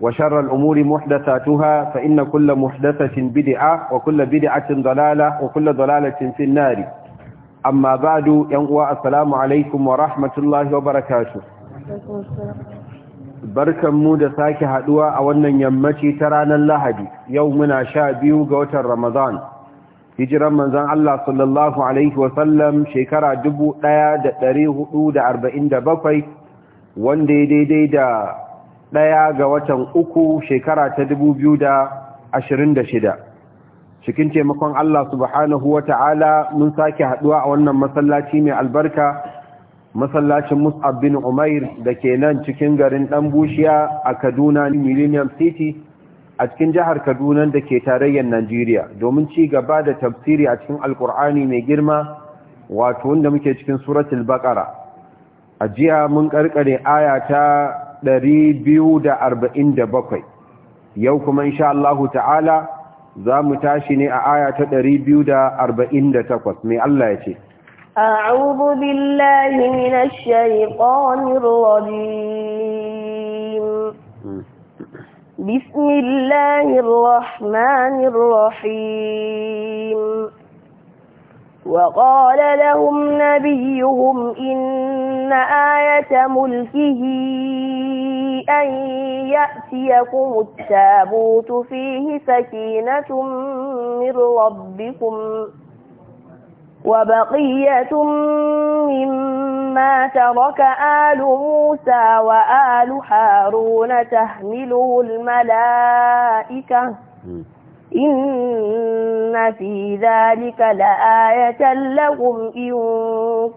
وشر الأمور محدثاتها فإن كل محدثة بدعة وكل بدعة ضلالة وكل ضلالة في النار أما بعد ينقوى السلام عليكم ورحمة الله وبركاته barkan mu da sake haɗuwa a wannan yammaci ta ranar Lahadi yau muna sha biyu ga watan Ramadan hijiran manzon Allah sallallahu alaihi wasallam shekara 1447 wanda ya daidai da ɗaya ga watan uku shekara ta dubu biyu da ashirin da shida cikin taimakon Allah subhanahu wa ta'ala mun sake haɗuwa a wannan masallaci mai albarka masallacin mus'ab bin umair da ke nan cikin garin ɗan bushiya a kaduna millennium city a cikin jihar kaduna da ke tarayyar najeriya domin ci gaba da tafsiri a cikin alkur'ani mai girma wato wanda muke cikin suratul baqara a jiya mun karkare aya ta 247 yau kuma insha Allahu ta'ala za mu tashi ne a aya ta 248 mai Allah ya ce أعوذ بالله من الشيطان الرجيم بسم الله الرحمن الرحيم وقال لهم نبيهم إن آية ملكه أن يأتيكم التابوت فيه سكينة من ربكم وبقية مما ترك آل موسى وآل حارون تحمله الملائكة إن في ذلك لآية لهم إن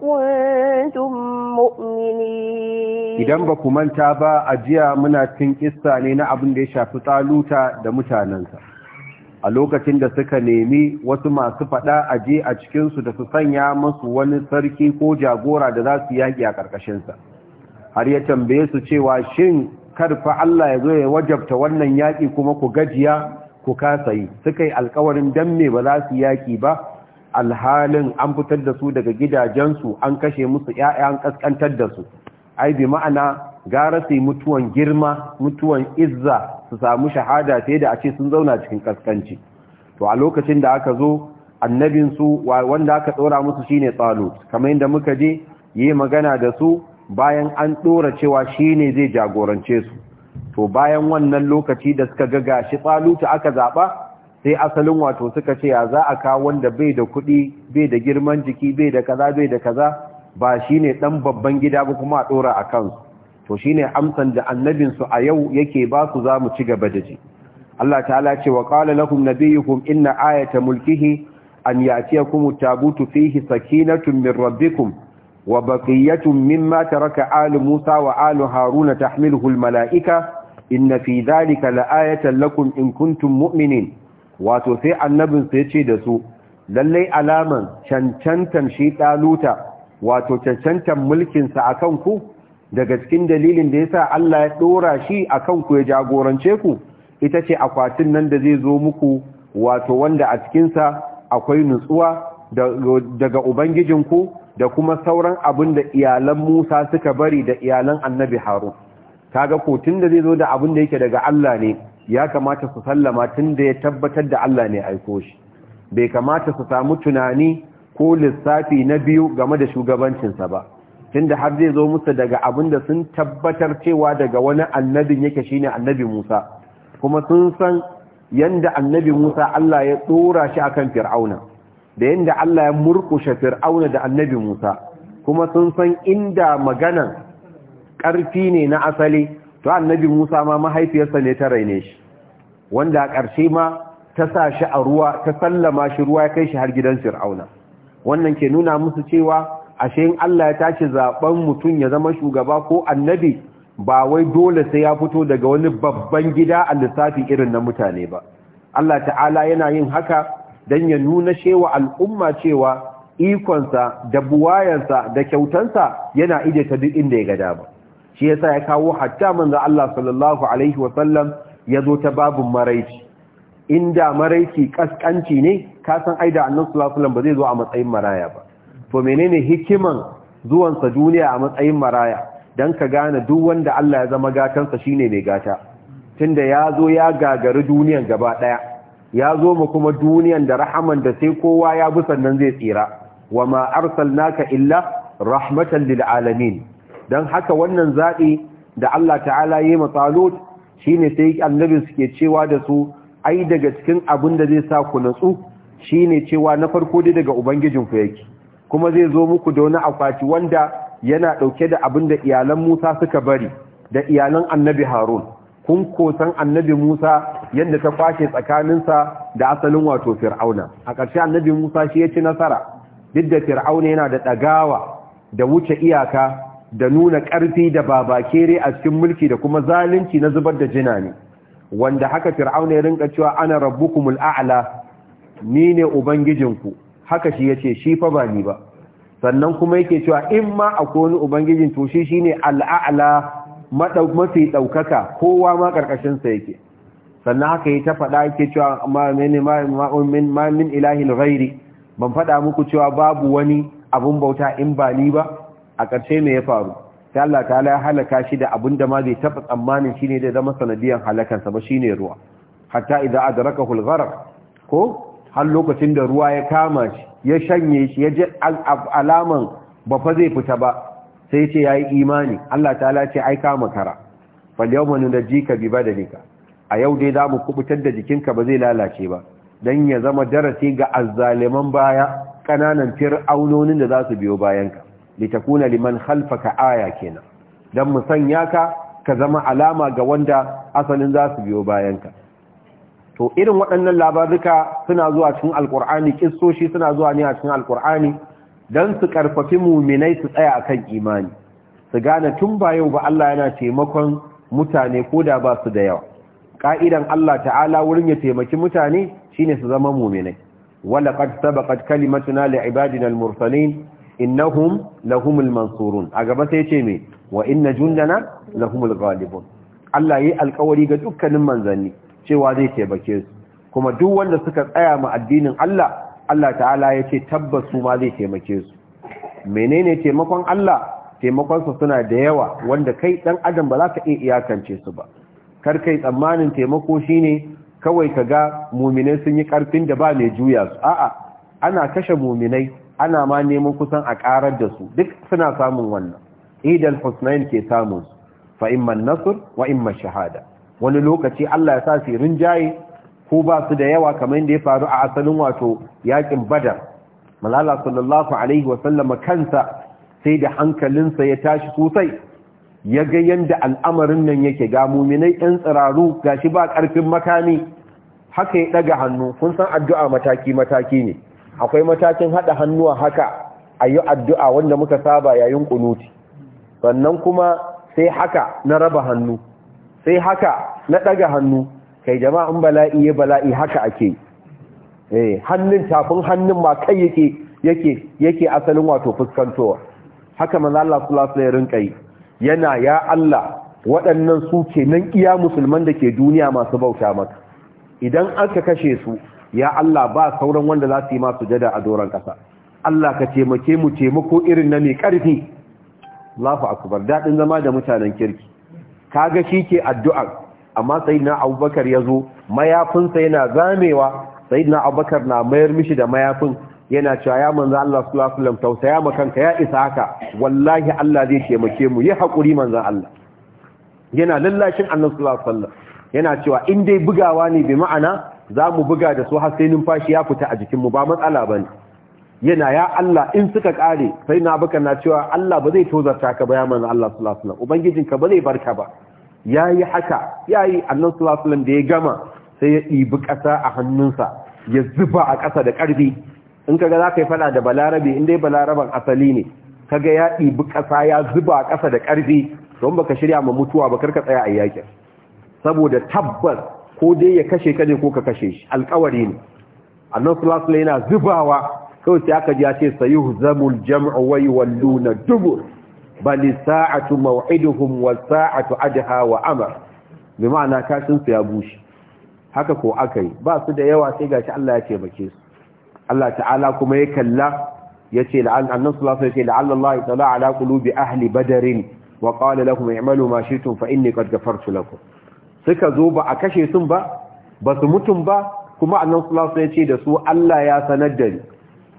كنتم مؤمنين idan ba ku manta ba a jiya muna cin kissa ne na abin da ya shafi taluta da mutanensa a lokacin da suka nemi wasu masu fada a je a cikinsu da su sanya masu wani sarki ko jagora da za su yaƙi a ƙarƙashinsa har ya tambaye su cewa shin karfa Allah ya zo ya wajabta wannan yaƙi kuma ku gajiya ku kasa yi suka yi alkawarin don me ba za su yaki ba alhalin an fitar da su daga gidajensu an kashe musu 'ya'yan ƙasƙantar da su ai bi ma'ana gara su mutuwan girma mutuwan izza su samu shahada sai da a ce sun zauna cikin kaskanci to a lokacin da aka zo annabinsu wanda aka tsora musu shine tsalo, kamar yadda muka je yi magana da su bayan an tsora cewa shi ne zai jagorance su to bayan wannan lokaci da suka ga gashi taluta aka zaba sai asalin wato suka ce ya za a kawo wanda bai da kuɗi bai da girman jiki bai da kaza bai da kaza ba shine ɗan babban gida ba kuma a dora a kansu to shine amsan da annabinsu a yau yake ba su za mu ci gaba da ji Allah ta'ala ce wa qala lahum nabiyukum inna ayata mulkihi an ya'tiyakum at-tabutu fihi sakinatun min rabbikum wa baqiyatun mimma raka alu Musa wa alu Haruna tahmiluhu hulmala'ika? malaika inna fi dhalika la'ayatan lakum in kuntum mu'minin wato sai annabin sai ce da su lallai alaman cancantan shi ɗaluta wato cancantan mulkinsa a ku? daga cikin dalilin da ya sa Allah ya ɗora shi a kanku ya jagorance ku ita ce akwatin nan da zai zo muku wato wanda a cikinsa akwai nutsuwa daga ubangijin ku? da kuma sauran abin da iyalan Musa suka bari da iyalan Annabi Harun kaga ko tunda zai zo da abin da yake daga Allah ne ya kamata su sallama tunda ya tabbatar da Allah ne aiko shi bai kamata su samu tunani ko lissafi na biyu game da shugabancinsa ba tunda har zai zo musu daga abin da sun tabbatar cewa daga wani annabin yake shine Annabi Musa kuma sun san yanda Annabi Musa Allah ya tsora shi akan Fir'auna da yadda Allah ya murkushe fir'auna da annabi Musa kuma sun san inda maganan ƙarfi ne na asali to annabi Musa ma mahaifiyarsa ne ta raine shi wanda a ƙarshe ma ta sa shi a ruwa ta sallama shi ruwa ya kai shi har gidan fir'auna wannan ke nuna musu cewa ashe in Allah ya tashi zaben mutum ya zama shugaba ko annabi ba wai dole sai ya fito daga wani babban gida a lissafi irin na mutane ba Allah ta'ala yana yin haka don ya nuna shewa al'umma cewa ikonsa da buwayansa da kyautansa yana ije ta duk inda ya gada ba. shi yasa ya kawo hatta manzo Allah sallallahu alaihi wa ya zo ta babun maraici inda maraici kaskanci ne ka san aida annabi sallallahu alaihi ba zai zo a matsayin maraya ba to menene hikiman zuwansa duniya a matsayin maraya dan ka gane duk wanda Allah ya zama gatansa shine mai gata tunda ya zo ya gagari duniyan gaba ɗaya. ya zo mu kuma duniyan da rahaman da sai kowa ya bi sannan zai tsira wa ma arsalnaka illa rahmatan lil alamin dan haka wannan zabi da Allah ta'ala yayi ma Talut shine sai annabi suke cewa da su ai daga cikin abin da zai sa ku natsu shine cewa na farko dai daga ubangijin ku yake kuma zai zo muku da wani akwati wanda yana dauke da abin da iyalan Musa suka bari da iyalan annabi Harun kun kosan annabi Musa yadda ta kwashe tsakaninsa da asalin wato Fir'auna a ƙarshe annabi Musa shi ya ci nasara duk da Fir'auna yana da ɗagawa da wuce iyaka da nuna ƙarfi da babakere a cikin mulki da kuma zalunci na zubar da jina ne wanda haka Fir'auna ya rinka cewa ana rabbukumul a'la ni ne ubangijinku haka shi yace shi fa ba ni ba sannan kuma yake cewa in ma akwai wani ubangijin to shi shine al'a'la mafi ɗaukaka kowa ma ƙarƙashinsa yake sannan haka yi ta faɗa yake cewa ma min ilahin ghairi ban faɗa muku cewa babu wani abun bauta in ba ni ba a ƙarshe mai ya faru ta Allah ala ya halaka shi da abin da ma zai taɓa tsammanin shi ne da zama sanadiyan halakansa ba shi ne ruwa hatta idan a al hulgara ko har lokacin da ruwa ya kama shi ya shanye shi ya ji alaman ba fa zai fita ba sai ce ya yi imani Allah ta ce aika makara makara yau manu da jika bi nika. a yau dai za mu kubutar da jikinka ba zai lalace ba don ya zama darasi ga azzaliman baya ƙananan aunonin da za su biyo bayanka litakuna liman khalfaka aya kenan don mu sanya ka ka zama alama ga wanda asalin za su biyo bayanka to irin waɗannan labaruka suna zuwa cikin alkur'ani kissoshi suna zuwa ne a cikin alkur'ani don su karfafi muminai su tsaya akan imani su gane tun ba yau ba Allah yana taimakon mutane ko da ba su da yawa ka'idan Allah ta'ala wurin ya taimaki mutane shine su zama muminai qad sabaqat kalimatuna li'ibadina al-mursalin innahum lahumul mansurun a gaba sai ce me wa inna jundana lahumul ghalibun Allah yayi alƙawari ga dukkanin manzanni cewa zai taimake su kuma duk wanda suka tsaya ma addinin Allah Allah ta'ala ya ce tabbas su ma zai taimake su menene taimakon Allah taimakonsa suna da yawa wanda kai ɗan adam ba za ka iya iyakance su ba kar kai tsammanin taimako shine kawai ka ga muminai sun yi karfin da ba mai juya su a'a ana kashe muminai ana ma neman kusan a karar da su duk suna samun wannan idan husnain ke samun su fa Nasir, nasr shahada wani lokaci Allah ya sa su rinjaye ko ba su da yawa kamar da ya faru a asalin wato yakin badar malala sallallahu alaihi wasallama kansa sai da hankalinsa ya tashi sosai ya ga yadda al'amarin nan yake ga muminai ɗan tsiraru ga shi ba ƙarfin makami haka ya ɗaga hannu kun san addu'a mataki-mataki ne akwai matakin haɗa hannuwa haka a yi addu'a wanda muka saba yayin ƙunuti sannan kuma sai haka na raba hannu sai haka na ɗaga hannu kai jama'an bala'i ya bala'i haka ake eh hannun tafin hannun ma kai yake yake yake asalin wato fuskantowa haka manzo Allah sallallahu alaihi wasallam yi. yana ya Allah waɗannan su ke nan iya musulman da ke duniya masu bauta maka idan aka kashe su ya Allah ba sauran wanda za su yi masu jada a doron ƙasa Allah ka taimake mu taimako irin na mai ƙarfi Allahu akbar daɗin zama da mutanen kirki kaga shi ke addu'ar amma sayyidina abubakar ya zo mayafinsa yana zamewa sayyidina abubakar na mayar mishi da mayafin yana cewa ya manzo Allah sallallahu alaihi wasallam tausaya ma kanka ya isa haka wallahi Allah zai taimake mu yi hakuri manzo Allah yana lallashin annabi sallallahu alaihi wasallam yana cewa in dai bugawa ne bi ma'ana za mu buga da su har sai numfashi ya fita a jikinmu ba matsala ba ne yana ya Allah in suka kare sai na baka na cewa Allah ba zai tozarta ka ba ya manzo Allah sallallahu alaihi wasallam ubangijinka ba zai barka ba ya yi haka ya yi annan sulasulan da ya gama sai ya ɗibi ƙasa a hannunsa ya zuba a ƙasa da ƙarfi in kaga za ka yi fada da balarabe in dai balaraban asali ne kaga ya ɗibi ƙasa ya zuba a ƙasa da ƙarfi don baka shirya ma mutuwa ba karka tsaya a yakin saboda tabbas ko dai ya kashe ka ne ko ka kashe shi alƙawari ne annan sulasulan yana zubawa kawai sai aka ji ya ce zamul jam'u wai walluna dubur bali sa'atu maw'iduhum was sa'atu adha wa amar bi ma'ana kashin su ya bushe haka ko akai ba su da yawa sai gashi Allah ya ce bake su Allah ta'ala kuma ya kalla yace la'an annabi sallallahu alaihi wasallam la'alla Allah ta'ala ala Kulubi, ahli badrin wa qala lahum i'malu ma shi'tum fa inni qad ghafartu lakum suka zo ba a kashe sun ba ba su mutum ba kuma annabi sallallahu ya ce da su Allah ya sanar da ni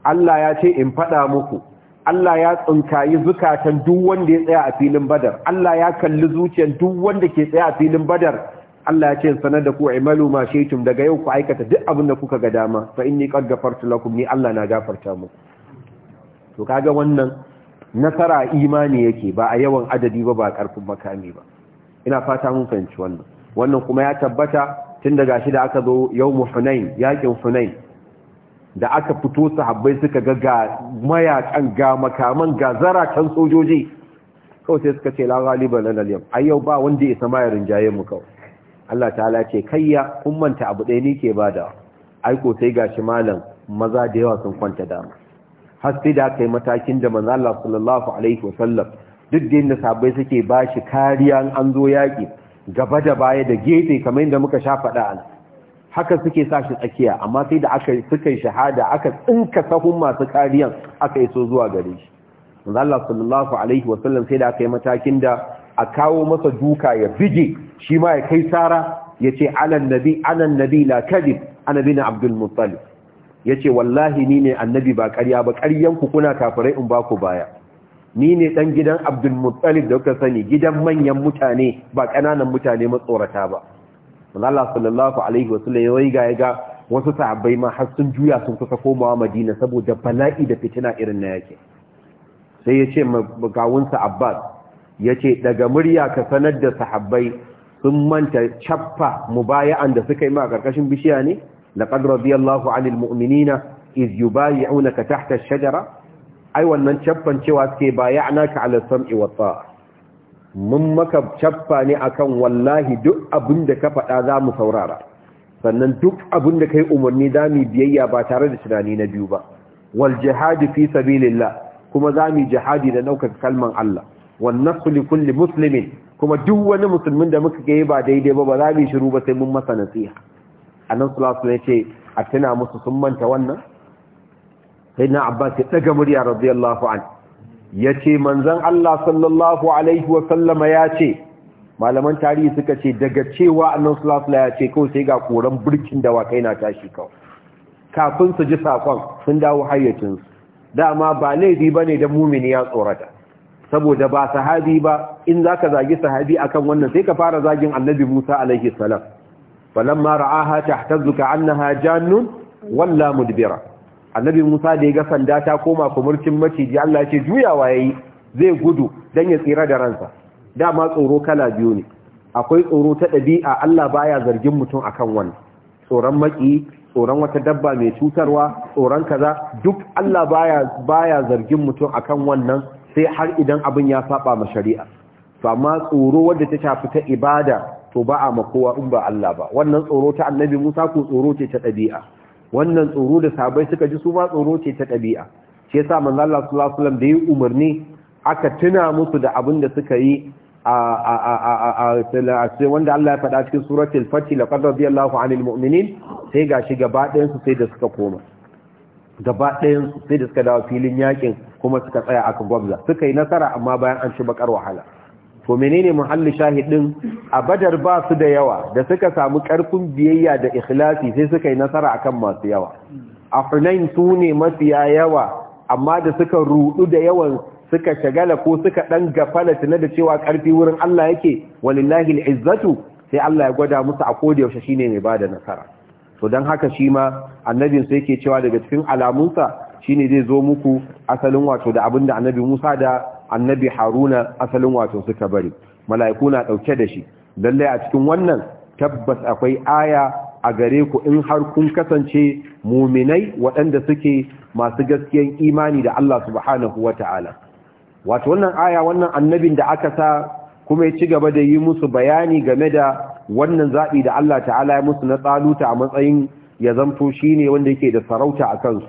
Allah ya ce in faɗa muku Allah ya tsinkayi zukatan duk wanda ya tsaya a filin badar Allah ya kalli zuciyar duk wanda ke tsaya a filin badar Allah ya ce sanar da ku imalu ma shaytum daga yau ku aikata duk abin da kuka ga dama fa inni qad ghafartu lakum ni Allah na gafarta muku to kaga wannan nasara imani yake ba a yawan adadi ba ba karfin makami ba ina fata mun fahimci wannan wannan kuma ya tabbata tun daga shi da aka zo yawmu hunain yakin hunain da aka fito sahabbai suka ga ga mayakan ga makaman ga zaratan sojoji kawai sai suka ce la ghaliba lana al yam yau ba wanda ya sama ya rinjaye mu kawai Allah ta'ala ce kayya kun manta abu dai ni ke da. aiko sai gashi malam maza da yawa sun kwanta dama har sai da kai matakin da manzo Allah sallallahu alaihi wasallam duk da inda sahabbai suke bashi kariya an zo yaki gaba da baya da gefe kamar yadda muka sha faɗa haka suke sa shi tsakiya amma sai da aka suka yi shahada aka tsinka sahun masu kariyan aka iso zuwa gare shi manzo Allah sallallahu alaihi wa sallam sai da aka yi matakin da a kawo masa duka ya bige shi ma ya kai sara yace alan nabi anan nabi la kadib ana bin abdul Ya ce wallahi ni ne annabi ba karya ba karyan ku kuna kafirai in ba ku baya ni ne dan gidan abdul muttalib da kuka sani gidan manyan mutane ba ƙananan mutane matsorata ba Allah sallallahu alaihi wasallam ya waiga ya ga wasu sahabbai ma har sun juya sun kusa komawa Madina saboda bala'i da fitina irin na yake sai ya ce magawunsa Abbas ya ce daga murya ka sanar da sahabbai sun manta cappa mubaya'an da suka yi ma a ƙarƙashin bishiya ne laqad radiyallahu 'anil mu'minina iz yubayi'unaka tahta ash-shajara ai wannan cappan cewa suke baya'naka 'ala sam'i wa ta'a mun maka cappa ne akan wallahi duk abin da ka faɗa za mu saurara sannan duk abin da ka yi umarni za mu biyayya ba tare da tunani na biyu ba wal jihadi fi sabilillah kuma za mu jihadi da naukar kalman Allah wan nasu li kulli muslimin kuma duk wani musulmin da muka yi ba daidai ba ba za mu shiru ba sai mun masa nasiha annan sallallahu alaihi ce a tuna musu sun manta wannan sai na abbas ya daga murya radiyallahu anhu ya ce manzan Allah sallallahu Alaihi wasallama ya ce malaman tarihi suka ce daga cewa annan sulasula ya ce kawai sai ga koren birkin da wakai na tashi kawai kafin su ji saƙon sun dawo hayyacinsu dama ba laifi ba ne da mumini ya tsorata saboda ba sahabi ba in za ka zagi sahabi akan wannan sai ka fara zagin annabi musa alaihi salam ma ra'aha zuka annaha jannun walla mudbira annabi musa da ya ga sanda ta koma kumurcin maciji allah ya ce juyawa ya yi zai gudu don ya tsira da ransa dama tsoro kala biyu ne akwai tsoro ta ɗabi'a allah baya zargin mutum akan wannan tsoron maki tsoron wata dabba mai cutarwa tsoron kaza duk allah baya baya zargin mutum akan wannan sai har idan abin ya saba ma shari'a to amma tsoro wanda ta shafi ta ibada to ba a makowa in ba Allah ba wannan tsoro ta annabi Musa ko tsoro ce ta ɗabi'a wannan tsoro da sabai suka ji su ma tsoro ce ta ɗabi'a shi yasa manzo Allah sallallahu alaihi wasallam da yi umarni aka tuna musu da abin da suka yi a a wanda Allah ya faɗa cikin suratul fatih laqad radiyallahu anil mu'minin sai gashi gaba ɗayan su sai da suka koma gaba ɗayan su sai da suka dawo filin yakin kuma suka tsaya aka gwabza suka yi nasara amma bayan an shi bakar wahala to menene muhalli shahidin a badar ba su da yawa da suka samu karfin biyayya da ikhlasi sai suka yi nasara akan masu yawa a hunain su ne mafi yawa amma da suka rudu da yawan suka shagala ko suka dan gafala tana da cewa karfi wurin Allah yake walillahi al'izzatu sai Allah ya gwada musu a kodi yaushe shine mai bada nasara to dan haka shi ma annabin sai yake cewa daga cikin alamunsa shine zai zo muku asalin wato da abinda annabi Musa da annabi haruna asalin wato suka bari mala'iku na ɗauke da shi lallai a cikin wannan tabbas akwai aya a gare ku in har kun kasance muminai waɗanda suke masu gaskiyar imani da Allah subhanahu wa ta'ala wato wannan aya wannan annabin da aka sa kuma ya ci gaba da yi musu bayani game da wannan zaɓi da Allah ta'ala ya musu na tsaluta a matsayin ya zamto shi ne wanda yake da sarauta a kansu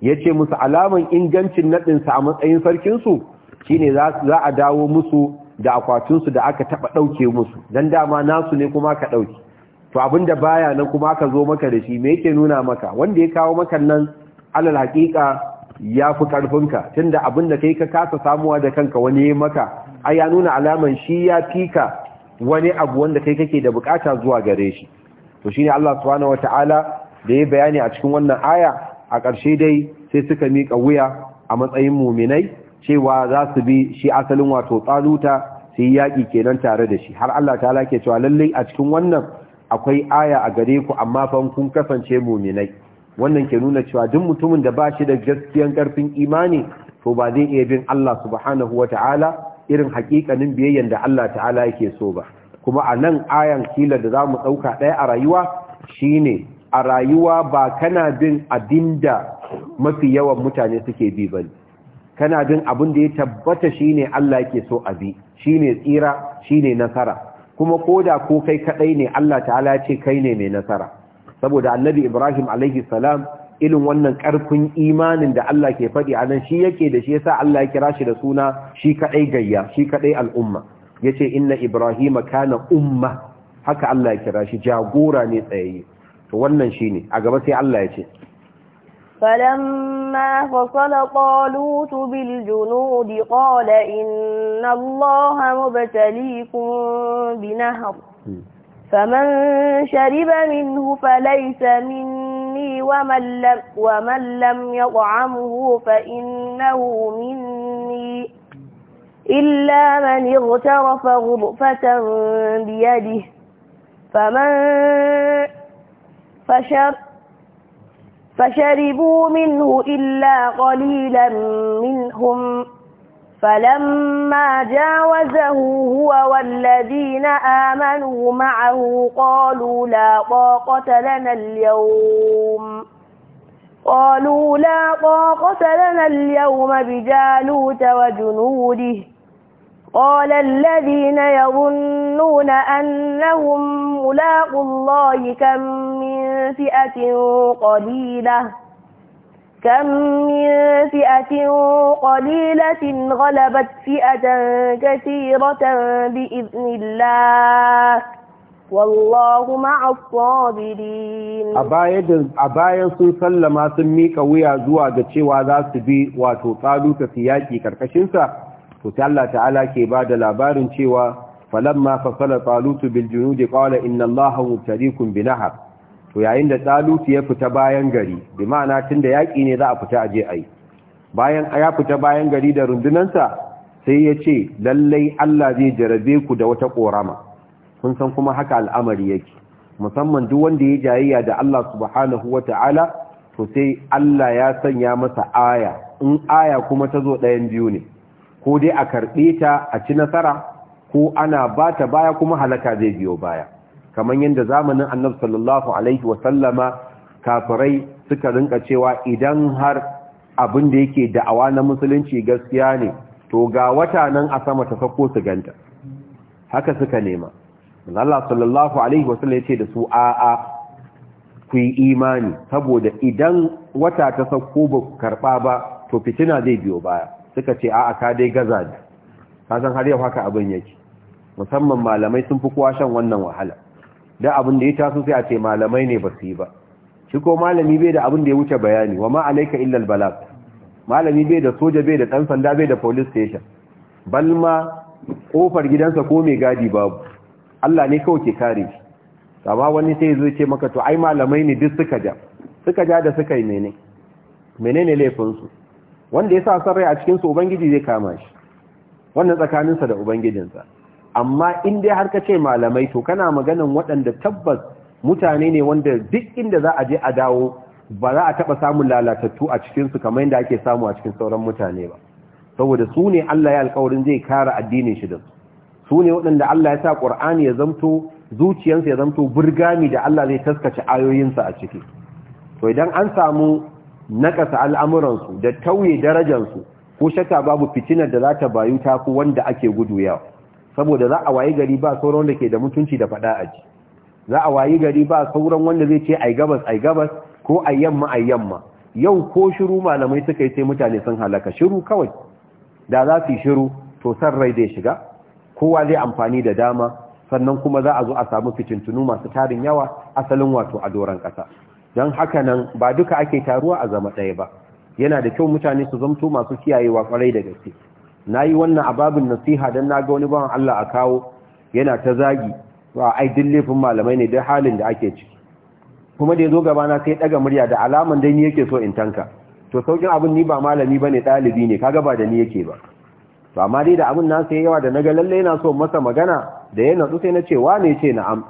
ya ce musu alaman ingancin naɗinsa a matsayin sarkinsu shine za a dawo musu da akwatinsu da aka taba ɗauke musu dan dama nasu ne kuma ka ɗauki. to abinda baya nan kuma ka zo maka da shi me yake nuna maka wanda ya kawo maka nan alal haqiqa yafi ka tunda abinda kai ka kasa samuwa da kanka wani ya maka ai ya nuna alaman shi ya fika wani abu wanda kai kake da bukata zuwa gare shi to shine Allah subhanahu wataala da ya bayani a cikin wannan aya a ƙarshe dai sai suka miƙa wuya a matsayin muminai cewa za su bi shi asalin wato tsaluta su yi yaƙi kenan tare da shi har Allah ta lake cewa lallai a cikin wannan akwai aya a gare ku amma fa kun kasance muminai wannan ke nuna cewa duk mutumin da ba shi da gaskiyan karfin imani to ba zai iya bin Allah subhanahu Ta'ala irin haƙiƙanin biyayyan da Allah ta'ala yake so ba kuma a nan ayan kila da za mu ɗauka ɗaya a rayuwa shine a rayuwa ba kana bin abinda mafi yawan mutane suke bi bane kana bin abin da ya tabbata shine Allah yake so a bi shine tsira shine nasara kuma koda ko kai kadai ne Allah ta'ala ya ce kai ne mai nasara saboda annabi Ibrahim alaihi salam irin wannan karfin imanin da Allah ke faɗi a nan shi yake da shi yasa Allah ya kira shi da suna shi kadai gayya shi kadai al'umma yace inna ibrahima kana umma haka Allah ya kira shi jagora ne tsayayye to wannan shine a gaba sai Allah ya ce فلما فصل طالوت بالجنود قال إن الله مبتليكم بنهر فمن شرب منه فليس مني ومن لم, ومن لم يطعمه فإنه مني إلا من اغترف غرفة بيده فمن فشرب فشربوا منه إلا قليلا منهم فلما جاوزه هو والذين آمنوا معه قالوا لا طاقة لنا اليوم قالوا لا طاقة لنا اليوم بجالوت وجنوده قال الذين يظنون أنهم ملاقوا الله كم من فئة قليلة كم من فئة قليلة غلبت فئة كثيرة بإذن الله والله مع الصابرين أبايا سنسلما سميك ويا زواج تشي وذا سبي واتو تسياكي كركشنسا to sai Allah ta'ala ke ba da labarin cewa falamma fasala talutu bil junud qala inna allaha mubtadikum bi to yayin da talutu ya fita bayan gari bi ma'ana tunda yaki ne za a fita aje ai bayan ya fita bayan gari da rundunansa sai ya ce lallai Allah zai jarabe ku da wata korama kun san kuma haka al'amari yake musamman duk wanda ya jayayya da Allah subhanahu wata'ala to sai Allah ya sanya masa aya in aya kuma ta zo ɗayan biyu ne ko dai a karɓe ta a ci nasara ko ana ba ta baya kuma halaka zai biyo baya kamar yadda zamanin annabi sallallahu alaihi sallama kafirai suka rinka cewa idan har abin da yake da'awa na musulunci gaskiya ne to ga wata nan a sama ta sako su ganta haka suka nema Allah sallallahu alaihi wa ya ce da su a'a ku yi imani saboda idan wata ta sako ba ku karba ba to fitina zai biyo baya suka ce a'a ka dai gaza ne ka san har yau haka abin yake musamman malamai sun fi kowa shan wannan wahala da abin da ya taso sai a ce malamai ne ba su yi ba shi ko malami bai da abin da ya wuce bayani wa ma alaika illa albalag malami bai da soja bai da dan sanda bai da police station balma kofar gidansa ko mai gadi babu Allah ne kawai ke kare shi amma wani sai zai ce maka to ai malamai ne duk suka ja suka ja da suka yi menene menene laifin su wanda ya sa san a cikinsu ubangiji zai kama shi wannan tsakaninsa da ubangijinsa amma in dai har ka ce malamai to kana maganan waɗanda tabbas mutane ne wanda duk inda za a je a dawo ba za a taɓa samun lalatattu a cikinsu kamar yadda ake samu a cikin sauran mutane ba saboda su ne Allah ya alkawarin zai kara addinin shi da su su ne waɗanda Allah ya sa ƙur'ani ya zamto zuciyarsa ya zamto burgami da Allah zai taskace ayoyinsa a ciki to idan an samu Naƙasa al'amuransu da tauye darajansu ko shaka babu fitinar da za ta bayu ta ku wanda ake gudu yawa saboda za a wayi gari ba sauran da ke da mutunci da faɗa aji za a wayi gari ba sauran wanda zai ce ai gabas ai gabas ko ai yamma ai yamma yau ko shiru malamai suka yi sai mutane sun halaka shiru kawai da za su yi shiru to san rai zai shiga kowa zai amfani da dama sannan kuma za a zo a samu fitintunu masu tarin yawa asalin wato a doron ƙasa don haka nan ba duka ake taruwa a zama ɗaya ba yana da kyau mutane su zamto masu kiyayewa kwarai da gaske na yi wannan ababin nasiha don na ga wani bawan Allah a kawo yana ta zagi ba ai duk laifin malamai ne don halin da ake ciki kuma da ya zo na sai ɗaga murya da alaman dai ni yake so in tanka to saukin abin ni ba malami ba ne ɗalibi ne kaga ba da ni yake ba to amma dai da abin na sai yawa da na ga lalle yana so masa magana da ya natsu sai na ce wane ce na'am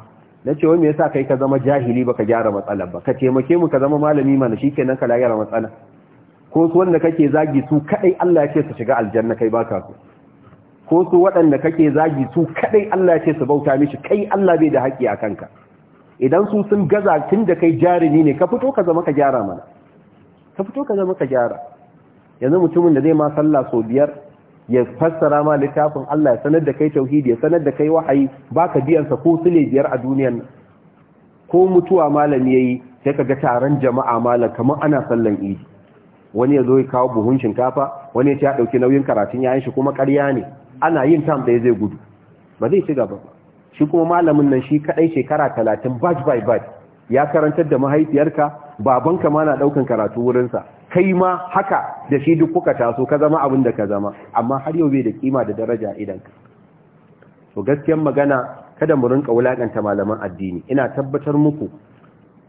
na ce wani me yasa kai ka zama jahili baka gyara matsala ba ka taimake mu ka zama malami mana shikenan ka gyara matsala ko su wanda kake zagi su kadai Allah ya ce su shiga aljanna kai baka su ko su wadanda kake zagi su kadai Allah ya ce su bauta mishi kai Allah bai da haƙi a kanka idan su sun gaza tun da kai jarumi ne ka fito ka zama ka gyara mana ka fito ka zama ka gyara yanzu mutumin da zai ma sallah sau biyar ya fassara ma littafin Allah ya sanar da kai tauhidi ya sanar da kai wahayi baka biyan sa ko sule biyar a duniyan ko mutuwa malami yayi sai kaga taron jama'a malam kamar ana sallan idi wani ya zo ya kawo buhun shinkafa wani ya ce ya dauki nauyin karatun yayin shi kuma ƙarya ne ana yin tam da zai gudu ba zai ci gaba shi kuma malamin nan shi kadai shekara 30 batch by batch ya karantar da mahaifiyarka babanka ma na daukan karatu wurinsa kai ma haka da shi duk kuka taso ka zama abin da ka zama amma har yau bai da kima da daraja idan ka to gaskiyar magana kada mu rinka wulakanta malaman addini ina tabbatar muku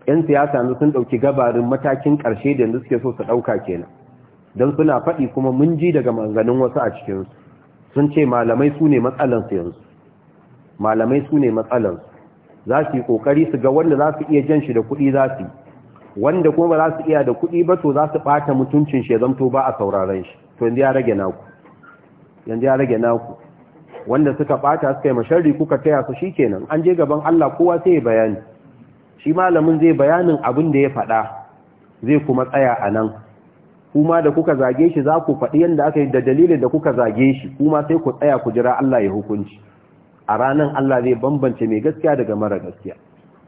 yan siyasa yanzu sun dauki gabarin matakin karshe da yanzu suke so su dauka kenan dan suna faɗi kuma mun ji daga manganin wasu a cikin sun ce malamai su ne su yanzu malamai su ne matsalansu za su yi kokari su ga wanda za su iya jan shi da kuɗi za su yi wanda kuma ba za su iya da kuɗi ba to za su ɓata mutuncin shi ya zamto ba a sauraron shi to yanzu ya rage naku yanzu ya rage naku wanda suka ɓata suka yi masharri kuka taya su shi kenan, an je gaban Allah kowa sai ya bayani shi malamin zai bayanin abin da ya faɗa zai kuma tsaya a nan kuma da kuka zage shi za ku faɗi yadda aka yi da dalilin da kuka zage shi kuma sai ku tsaya ku jira Allah ya hukunci a ranar Allah zai bambance mai gaskiya daga mara gaskiya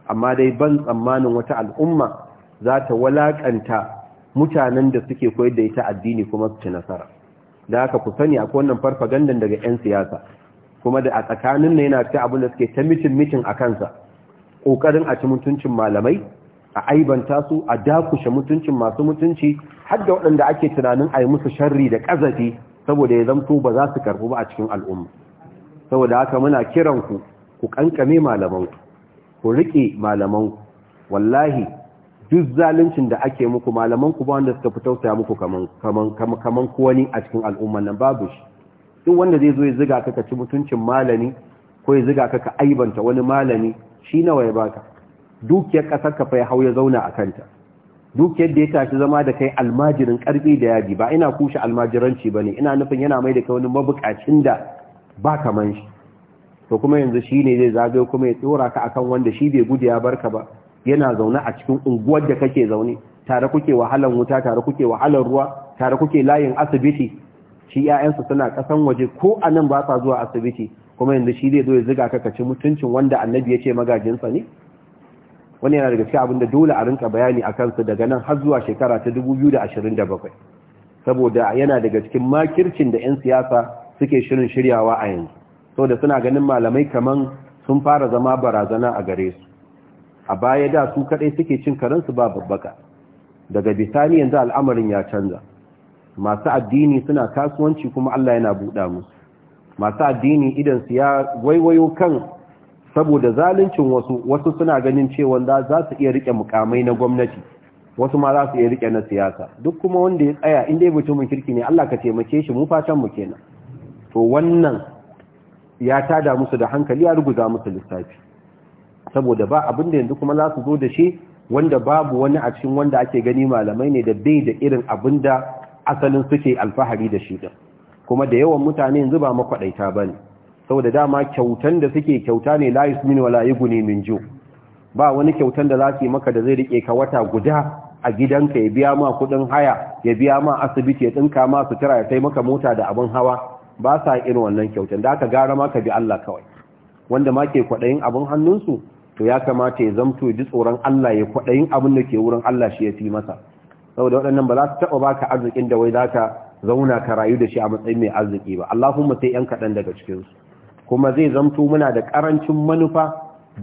amma dai ban tsammanin wata al'umma za ta walakanta mutanen da suke koyar da ita addini kuma su ci nasara da haka ku sani akwai wannan farfagandan daga 'yan siyasa kuma da a tsakanin ne yana ta abin da suke ta mitin mitin a kansa ƙoƙarin a ci mutuncin malamai a aibanta su a dakushe mutuncin masu mutunci har da waɗanda ake tunanin a yi musu sharri da ƙazafi saboda ya zamto ba za su karɓu ba a cikin al'umma saboda haka muna kiran ku ku kankame malamanku ku riƙe malamanku wallahi duk zaluncin da ake muku malaman ku ba wanda suka fi tausaya muku kaman kaman wani a cikin al'umman nan babu shi duk wanda zai zo ya ziga ka ci mutuncin malami ko ya ziga ka ka aibanta wani malami shi nawa ya baka dukiyar kasar ka fa ya hau ya zauna a kanta dukiyar da ya tashi zama da kai almajirin karfi da yaji ba ina kushe almajiranci bane ina nufin yana mai da kai wani mabukacin da ba kaman shi to kuma yanzu shine zai zagayo kuma ya tsora ka akan wanda shi bai gudu ya barka ba yana zaune a cikin unguwar da kake zaune tare kuke wahalar wuta tare kuke wahalar ruwa tare kuke layin asibiti shi 'ya'yansa suna kasan waje ko anan nan ba sa zuwa asibiti kuma yanzu shi zai zo ya ziga ka kaci mutuncin wanda annabi ya ce magajinsa ne wani yana daga cikin abin da dole a rinka bayani a kansu daga nan har zuwa shekara ta 2027 saboda yana daga cikin makircin da 'yan siyasa suke shirin shiryawa a yanzu saboda suna ganin malamai kaman sun fara zama barazana a gare su a baya da su kadai suke cin su ba babbaka daga bisani yanzu al'amarin ya canza masu addini suna kasuwanci kuma Allah yana buɗa musu masu addini idan su ya waiwayo kan saboda zaluncin wasu wasu suna ganin cewa za su iya rike mukamai na gwamnati wasu ma za su iya rike na siyasa duk kuma wanda ya tsaya in dai mutumin kirki ne Allah ka taimake shi mu fatan mu kenan to wannan ya tada musu da hankali ya ruguza musu lissafi saboda ba abin da yanzu kuma za su zo da shi wanda babu wani a cikin wanda ake gani malamai ne da bai da irin abin da asalin suke alfahari da shi din kuma da yawan mutane yanzu ba makwadaita ne saboda dama kyautan da suke kyauta ne la yusmin wala yuguni min ju ba wani kyautan da za su yi maka da zai rike ka wata guda a gidanka ya biya ma kudin haya ya biya ma asibiti ya dinka ma sutura ya kai maka mota da abin hawa ba sa irin wannan kyautan da aka gara ma ka bi Allah kawai wanda ma ke kwadayin abin hannunsu to ya kamata ya zamto ji tsoron Allah ya kwaɗayin abin da ke wurin Allah shi ya fi masa saboda waɗannan ba za su taɓa baka arzikin da wai za ka zauna ka rayu da shi a matsayin mai arziki ba Allahumma sai yan kaɗan daga cikinsu kuma zai zamto muna da ƙarancin manufa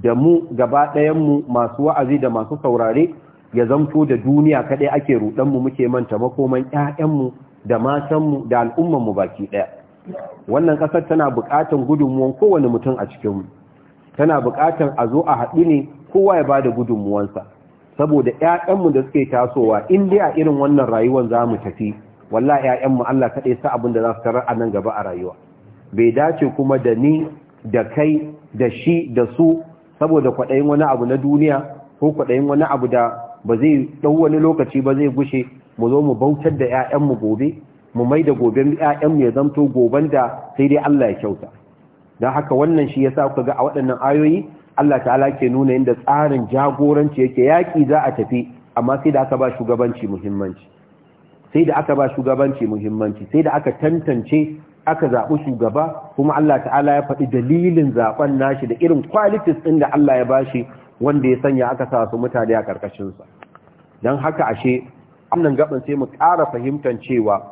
da mu gaba ɗayan mu masu wa'azi da masu saurare ya zamto da duniya kaɗai ake mu muke manta makoman mu, da matanmu da mu baki ɗaya wannan ƙasar tana buƙatar gudunmuwan kowane mutum a cikinmu tana buƙatar a zo a haɗu ne kowa ya ba da gudunmuwansa saboda 'ya'yanmu da suke tasowa in a irin wannan rayuwar za mu tafi walla 'ya'yanmu Allah kaɗai sa abin da za su tarar a nan gaba a rayuwa bai dace kuma da ni da kai da shi da su saboda kwaɗayin wani abu na duniya ko kwaɗayin wani abu da ba zai ɗau wani lokaci ba zai gushe mu zo mu bautar da 'ya'yanmu gobe mu mai da goben 'ya'yanmu ya zamto goben da sai dai Allah ya kyauta don haka wannan shi ya sa kuka ga a waɗannan ayoyi Allah ta'ala ke nuna yadda tsarin jagoranci yake yaƙi za a tafi amma sai da aka ba shugabanci muhimmanci sai da aka ba shugabanci muhimmanci sai da aka tantance aka zaɓi shugaba kuma Allah ta'ala ya faɗi dalilin zaɓen nashi da irin qualities ɗin da Allah ya bashi wanda ya sanya aka sa su mutane a ƙarƙashinsa don haka ashe wannan gaban sai mu ƙara fahimtar cewa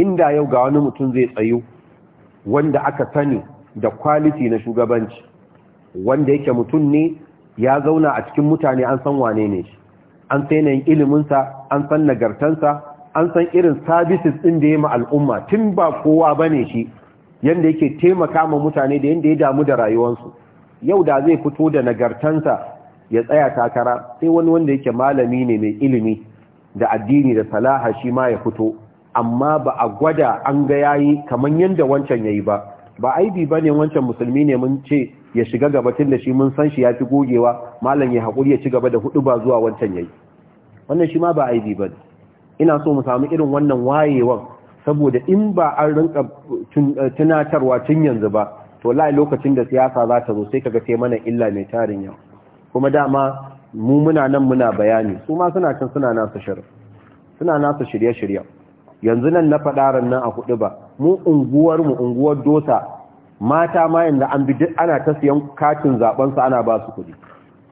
inda yau ga wani mutum zai tsayu wanda aka sani da kwaliti na shugabanci wanda yake mutum ne ya zauna a cikin mutane an san wane ne shi an san yanayin iliminsa an san nagartansa an san irin services ɗin da ya ma al'umma tun ba kowa ba ne shi yadda yake taimaka ma mutane da yadda ya damu da rayuwarsu yau da zai fito da nagartansa ya tsaya takara sai wani wanda yake malami ne mai ilimi da addini da salaha shi ma ya fito amma ba a gwada an ga yayi kamar yadda wancan yayi ba ba aibi bane wancan musulmi ne mun ce ya shiga tun da shi mun san shi yafi gogewa malam ya hakuri ya ci gaba da hudu ba zuwa wancan yayi wannan shi ma ba aibi bane ina so mu samu irin wannan wayewan saboda in ba an rinka eh, tunatarwa tun yanzu ba to lai lokacin da siyasa za ta zo sai kaga sai mana illa mai tarin yau kuma dama mu muna nan muna bayani su ma suna can suna nasu shirya suna nasu shirye-shiryen yanzu nan na faɗa nan a kudu ba mu unguwar mu unguwar dosa mata ma yanda an bi duk ana ta siyan katin zaben su ana ba su kuɗi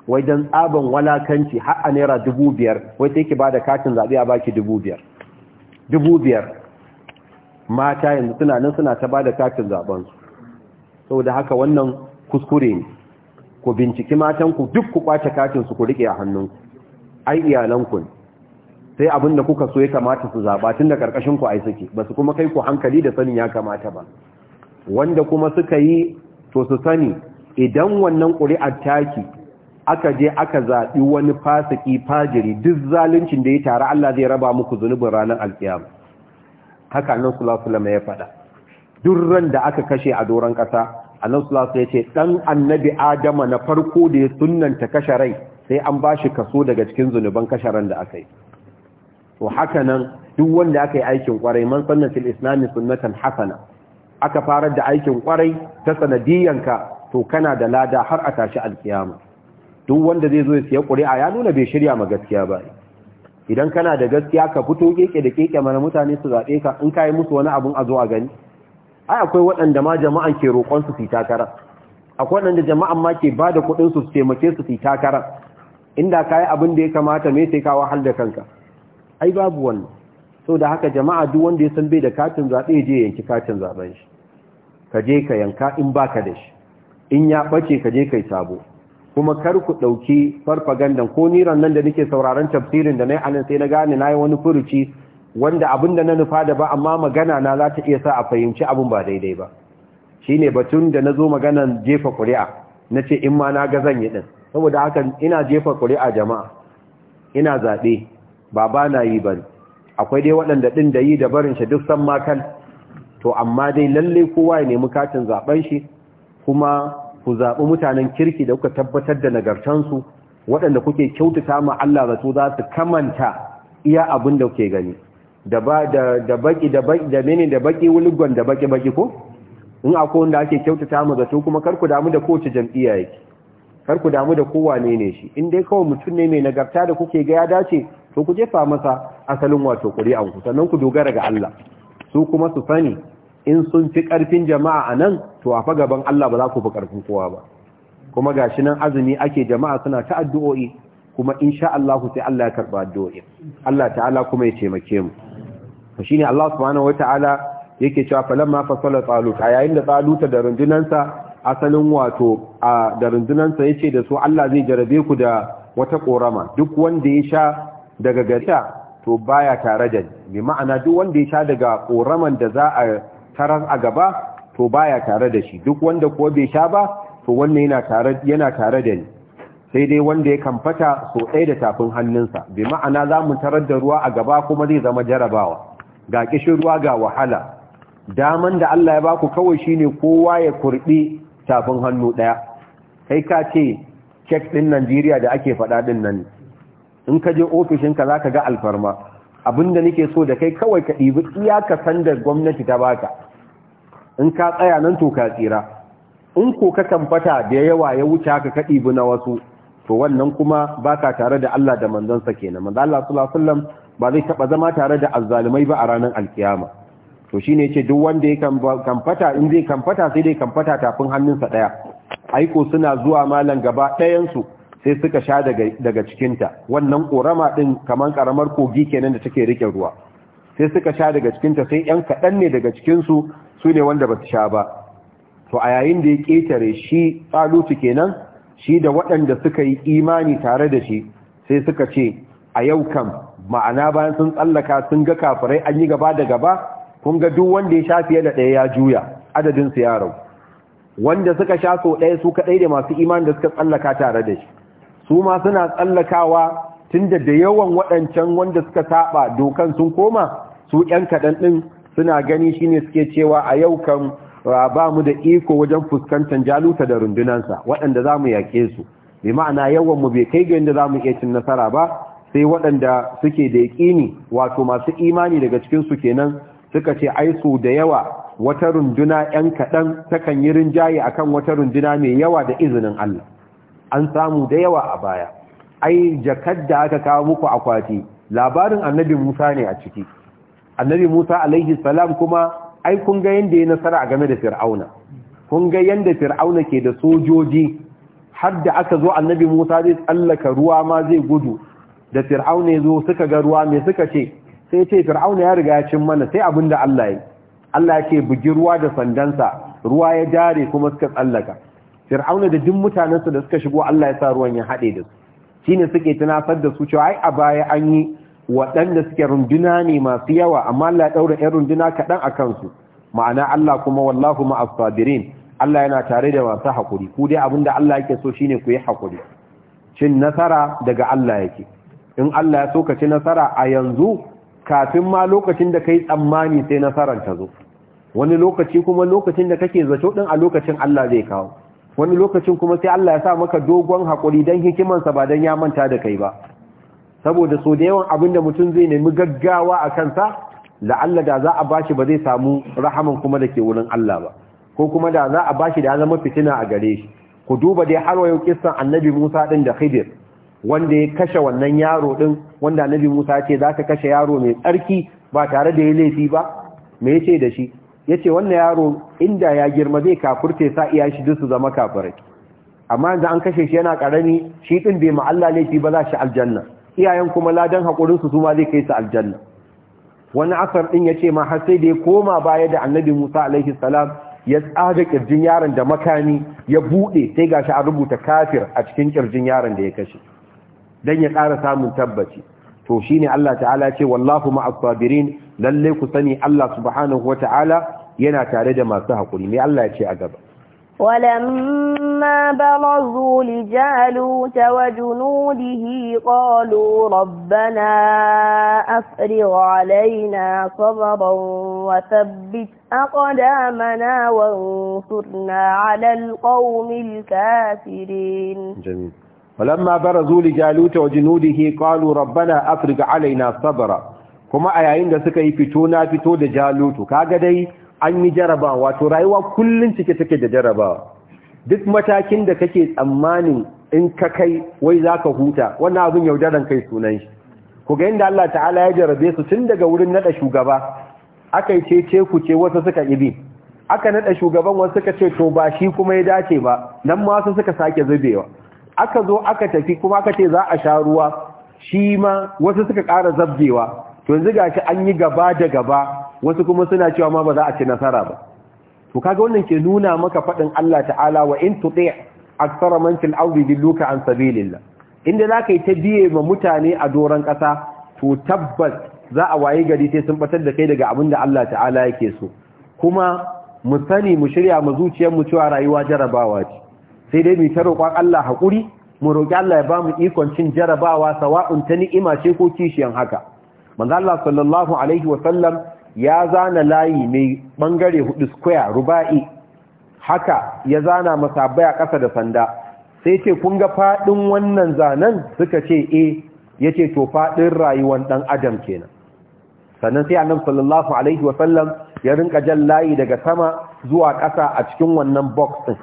wai dan tsaban walakanci har a naira dubu biyar wai sai ki ba da katin zabe a baki dubu biyar mata yanzu suna nan suna ta ba katin zaben su saboda haka wannan kuskure ne ku binciki matanku duk ku kwace katin su ku rike a hannunku ai iyalanku ne sai abin da kuka so ya kamata su zaɓa tun da karkashin ku ai suke ba su kuma kai ku hankali da sanin ya kamata ba wanda kuma suka yi to su sani idan wannan ƙuri'ar taki aka je aka zaɓi wani fasiki fajiri duk zaluncin da ya tare Allah zai raba muku zunubin ranar alkiyama haka nan sulasulama ya faɗa duk ran da aka kashe a doron ƙasa annan sulasu ya ce ɗan annabi adama na farko da ya sunanta kashe rai sai an ba shi kaso daga cikin zunuban kashe ran da aka yi to haka nan duk wanda aka yi aikin kwarai man sannan fil islami sunnatan hasana aka farar da aikin kwarai ta sanadiyanka to kana da lada har a tashi alkiyama duk wanda zai zo ya siya ƙuri'a ya nuna bai shirya ma gaskiya ba idan kana da gaskiya ka fito keke da keke mana mutane su zaɓe ka in kayi musu wani abun a zo a gani ai akwai waɗanda ma jama'an ke roƙon su fita takara akwai waɗanda jama'an ma ke bada kuɗin su taimake su fita takara inda kayi abin da ya kamata me sai ka wahal da kanka ai babu wannan so da haka jama'a duk wanda ya san bai da katin zaɓe ya je yanki katin zaɓen shi ka je ka yanka in baka da shi in ya ɓace ka je kai sabo kuma kar ku ɗauki farfagandan ko niran nan da nake sauraron tafsirin da na yi anan sai na gane na yi wani furuci wanda abin da na nufa da ba amma magana na za ta iya sa a fahimci abin ba daidai ba shine batun da na zo maganan jefa ƙuri'a nace ce in ma na ga zan yi din. saboda haka ina jefa ƙuri'a jama'a ina zaɓe ba ba na yi bari akwai dai waɗanda ɗin da yi da barin shi duk san makal to amma dai lallai kowa ya nemi katin zaben shi kuma ku zaɓi mutanen kirki da kuka tabbatar da nagartansu waɗanda kuke kyautata ma Allah zato za su kamanta iya abin da kuke gani da ba da baki da baki da mene da baki wulugwan da baki baki ko in akwai wanda ake kyautata ma zato kuma kar ku damu da kowace jam'iyya yake kar ku damu da kowa ne shi in dai kawai mutum ne mai nagarta da kuke ga ya dace to ku jefa masa asalin wato ƙuri'an sannan ku dogara ga Allah su kuma su sani in sun fi ƙarfin jama'a a nan to a fa gaban Allah ba za ku fi ƙarfin kowa ba kuma ga shi nan azumi ake jama'a suna ta addu'o'i kuma insha Allah sai Allah ya karba addu'o'i Allah ta'ala kuma ya taimake mu To shine Allah subhanahu wata'ala yake cewa falamma fasala talut yayin da taluta da rundunansa asalin wato a da rundunansa yace da su Allah zai jarabe ku da wata korama duk wanda ya sha daga gasha to baya tare da bi ma'ana duk wanda ya sha daga koraman da za a tarar a gaba to baya tare da shi duk wanda kowa bai sha ba to wannan yana tare yana tare da ni sai dai wanda ya kamfata so ɗaya da tafin hannunsa bi ma'ana za mu tarar da ruwa a gaba kuma zai zama jarabawa ga kishin ruwa ga wahala daman da Allah ya baku kawai shine kowa ya kurbi tafin hannu ɗaya kai ka ce kek ɗin Najeriya da ake faɗa ɗin nan in ka je ofishinka za ka ga alfarma abinda nake so da kai kawai ka ɗibi iyaka da gwamnati ta baka in ka tsaya nan to ka tsira in ko ka kamfata da yawa ya wuce haka ka ɗibi na wasu to wannan kuma baka tare da Allah da manzansa kenan manzo Allah sallallahu alaihi wasallam ba zai taba zama tare da azzalumai ba a ranar alkiyama to shine yace duk wanda ya kamfata in zai kamfata sai dai kamfata tafin hannunsa daya aiko suna zuwa malan gaba ɗayan su sai suka sha daga cikinta wannan ƙorama ɗin kamar ƙaramar kogi kenan da take rike ruwa sai suka sha daga cikinta sai 'yan kaɗan ne daga cikinsu su ne wanda ba su sha ba to a yayin da ya ƙetare shi tsalutu kenan shi da waɗanda suka yi imani tare da shi sai suka ce a yau kam ma'ana bayan sun tsallaka sun ga kafirai an yi gaba da gaba kun ga duk wanda ya sha fiye da ɗaya ya juya adadinsu ya rau wanda suka sha sau ɗaya su kaɗai da masu imani da suka tsallaka tare da shi su ma suna tsallakawa tunda da yawan waɗancan wanda suka saba dokan sun koma su yan kaɗan ɗin suna gani shi ne suke cewa a yau kan ba mu da iko wajen fuskantar jaluta da rundunansa waɗanda za mu yaƙe su mai ma'ana yawan mu bai kai ga yadda za iya cin nasara ba sai waɗanda suke da yaƙini wato masu imani daga cikin su kenan suka ce ai su da yawa wata runduna 'yan kaɗan takan yi rinjaye akan wata runduna mai yawa da izinin Allah an samu da yawa a baya ai jakar da aka kawo muku akwati labarin annabi Musa ne a ciki annabi Musa alaihi salam kuma ai kun ga yanda ya nasara a game da Fir'auna kun ga yanda Fir'auna ke da sojoji har da aka zo annabi Musa zai tsallaka ruwa ma zai gudu da Fir'auna ya zo suka ga ruwa me suka ce sai ce Fir'auna ya riga ya cin mana sai abinda Allah ya Allah ya ce bugi ruwa da sandansa ruwa ya dare kuma suka tsallaka fir'auna da duk mutanensa da suka shigo Allah ya sa ruwan ya haɗe da su shine suke tunafar da su cewa ai a baya an yi waɗanda suke runduna ne masu yawa amma Allah ya daura ɗan runduna kaɗan a kansu ma'ana Allah kuma wallahu ma'as sabirin Allah yana tare da masu haƙuri ku dai abin da Allah yake so shine ku yi haƙuri cin nasara daga Allah yake in Allah ya so ka ci nasara a yanzu kafin ma lokacin da kai tsammani sai nasaran ta zo wani lokaci kuma lokacin da kake zato din a lokacin Allah zai kawo wani lokacin kuma sai Allah ya sa maka dogon haƙuri don hikimansa ba dan ya manta da kai ba saboda so da yawan abin da mutum zai nemi gaggawa a kansa la'alla da za a bashi ba zai samu rahaman kuma da ke wurin Allah ba ko kuma da za a bashi da zama fitina a gare shi ku duba dai har wayo kissan annabi Musa din da Khidir wanda ya kashe wannan yaro din wanda annabi Musa ya ce za ka kashe yaro mai tsarki ba tare da ya laifi ba me yace da shi Ya ce, wannan yaro inda ya girma zai kafurce sa iya shi duk su zama kafirai amma yanzu an kashe shi yana karami shi din bai ma Allah laifi ba za shi aljanna iyayen kuma ladan hakurin su ma zai kai su aljanna wani asar din ce ma har sai da ya koma baya da Annabi Musa alaihi salam ya tsaga kirjin yaron da makami ya bude sai gashi a rubuta kafir a cikin kirjin yaron da ya kashe dan ya ƙara samun tabbaci to shine Allah ta'ala ya ce wallahu ma'as sabirin lalle ku sani Allah subhanahu wata'ala yana tare da masu haƙuri mai Allah ya ce a gaba ولما برزوا لجالوت وجنوده قالوا ربنا أفرغ علينا صبرا وثبت أقدامنا وانصرنا على القوم الكافرين جميل ولما برزوا لجالوت وجنوده قالوا ربنا أفرغ علينا صبرا kuma a yayin da suka yi fito na fito da jalutu kaga dai an yi jaraba Wato rayuwa kullun cike take da jarabawa duk matakin da kake tsammanin in ka kai wai zaka huta wannan abin yaudaran kai sunan shi ku ga inda Allah ta'ala ya jarabe su tun daga wurin nada shugaba aka yi cece ku ce wasu suka ibi aka nada shugaban wasu suka ce to ba shi kuma ya dace ba nan ma wasu suka sake zubewa aka zo aka tafi kuma aka ce za a sha ruwa shi ma wasu suka ƙara zabjewa to yanzu shi an yi gaba da gaba wasu kuma suna cewa ma ba za a ci nasara ba to kaga wannan ke nuna maka fadin Allah ta'ala wa in tuti aktsara man fil ardi dilluka an sabilillah inda zaka yi ta biye ma mutane a doran kasa to tabbas za a waye gari sai sun batar da kai daga abin da Allah ta'ala yake so kuma mu sani mu shirya mu zuciyar mu cewa rayuwa jarabawa ce sai dai mu ta roƙon Allah hakuri mu roki Allah ya ba mu ikon cin jarabawa sawa'un ta ni'ima ce ko kishiyan haka manzo Allah sallallahu alaihi wa sallam ya zana layi mai bangare hudu square ruba'i haka ya zana masabai a ƙasa da sanda sai ce kun ga fadin wannan zanen suka ce eh yace to fadin rayuwar dan adam kenan sannan sai annabi sallallahu alaihi wa sallam ya rinka jan layi daga sama zuwa ƙasa a cikin wannan box din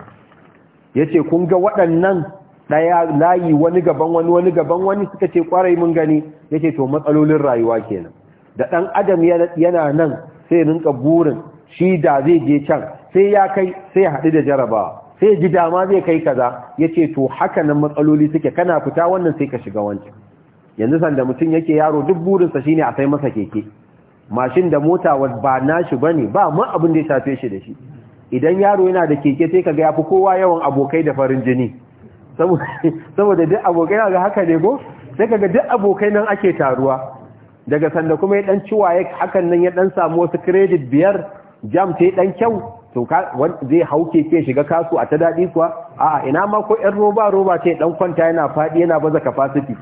yace kun ga waɗannan daya layi wani gaban wani wani gaban wani suka ce kwarai mun gani yake to matsalolin rayuwa kenan da dan adam yana nan sai rinka burin shi da zai je can sai ya kai sai haɗu da jarabawa sai ji dama zai kai kaza yace to haka nan matsaloli suke kana fita wannan sai ka shiga wancan yanzu sanda mutum yake yaro duk burinsa shine a sai masa keke mashin da mota ba nashi bane ba ma abin da ya shafe shi da shi idan yaro yana da keke sai kaga yafi kowa yawan abokai da farin jini saboda duk abokai ga haka ne ko sai ga duk abokai nan ake taruwa daga sanda kuma ya dan ciwa ya hakan nan ya dan samu wasu credit biyar jam ta dan kyau to zai hauke ke shiga kasu a ta daɗi kuwa a'a ina ma ko yan roba roba ce dan kwanta yana faɗi yana baza capacity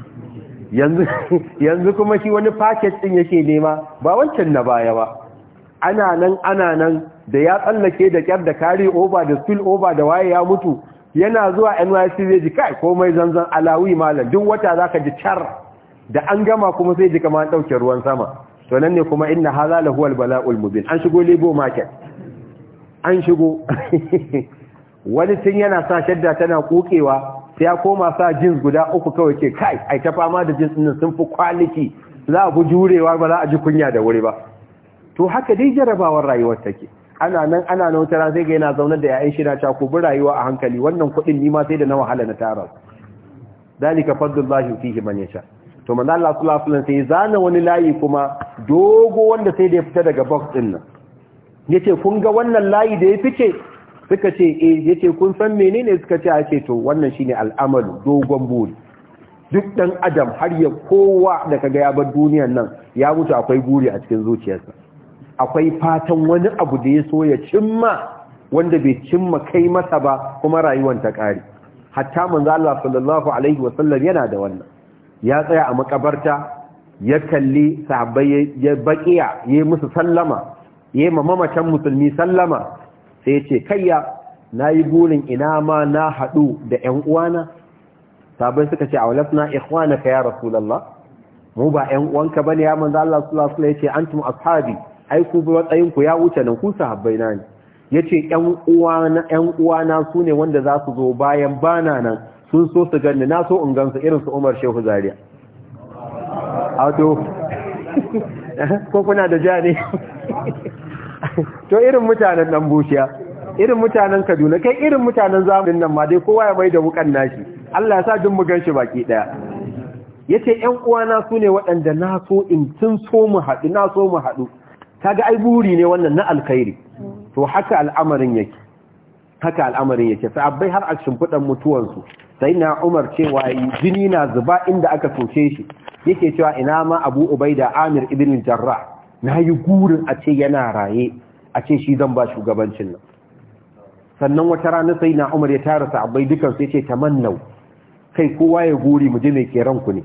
yanzu kuma shi wani package din yake nema ba wancan na baya ba ana nan ana nan da ya tsallake da kyar da kari over da spill over da waye ya mutu yana zuwa NYC zai ji kai komai zanzan alawi malam duk wata zaka ji char da an gama kuma sai ji kamar an dauke ruwan sama to nan ne kuma inna hadha lahu albala'ul mubin an shigo lebo market an shigo wani tun yana sa shadda tana kokewa sai ya koma sa jeans guda uku kawai ke kai ai ta fama da jeans din sun fi quality za a jurewa ba za a ji kunya da wuri ba to haka dai jarabawar rayuwar take ana nan ana nan wata sai ga yana zaunar da ya'yan shi na ta ku rayuwa a hankali wannan kuɗin ni ma sai da na wahala na tara dalika fadlullahi fihi man yasha to manzo Allah sallallahu alaihi wasallam sai zana wani layi kuma dogo wanda sai da ya fita daga box din nan yace kun ga wannan layi da ya fice suka ce eh yace kun san menene suka ce a ce to wannan shine al'amalu dogon buri duk dan adam har ya kowa da kaga ya bar duniyar nan ya mutu akwai buri a cikin zuciyarsa akwai fatan wani abu da ya so ya cimma wanda bai cimma kai masa ba kuma rayuwar ta ƙari hatta manzo Allah sallallahu alaihi wasallam yana da wannan ya tsaya a makabarta ya kalli sahabbai ya baƙiya ya musu sallama ya ma mamacin musulmi sallama sai ya ce kayya nayi burin ina ma na haɗu da ƴan uwana sabai suka ce awlasna ikhwanaka ya rasulullah mu ba ƴan uwanka bane ya manzo Allah sallallahu alaihi wasallam ya ce antum ashabi ai ku matsayin ku ya wuce nan ku sahabbai na ne yace ce uwa na su uwa na sune wanda za su zo bayan bana nan sun so su ganni na so in gansu irin su Umar Shehu Zaria to ko kuna da ja ne to irin mutanen nan bushiya irin mutanen Kaduna kai irin mutanen zamanin nan ma dai kowa ya mai da wukan nashi Allah ya sa jin mu ganshi baki daya yace ƴan uwana sune waɗanda na so in tun so mu haɗu na so mu haɗu kaga ai buri ne wannan na alkhairi to haka al'amarin yake haka al'amarin yake sahabbai har a shimfidan mutuwansu sai na Umar cewa jini na zuba inda aka soke shi yake cewa ina ma Abu Ubaida Amir ibn Jarrah nayi gurin a ce yana raye a ce shi zan ba shugabancin nan sannan wata rana sai na Umar ya tara sahabbai dukan sai ce tamannau kai kowa ya gori mu je mai ke ranku ne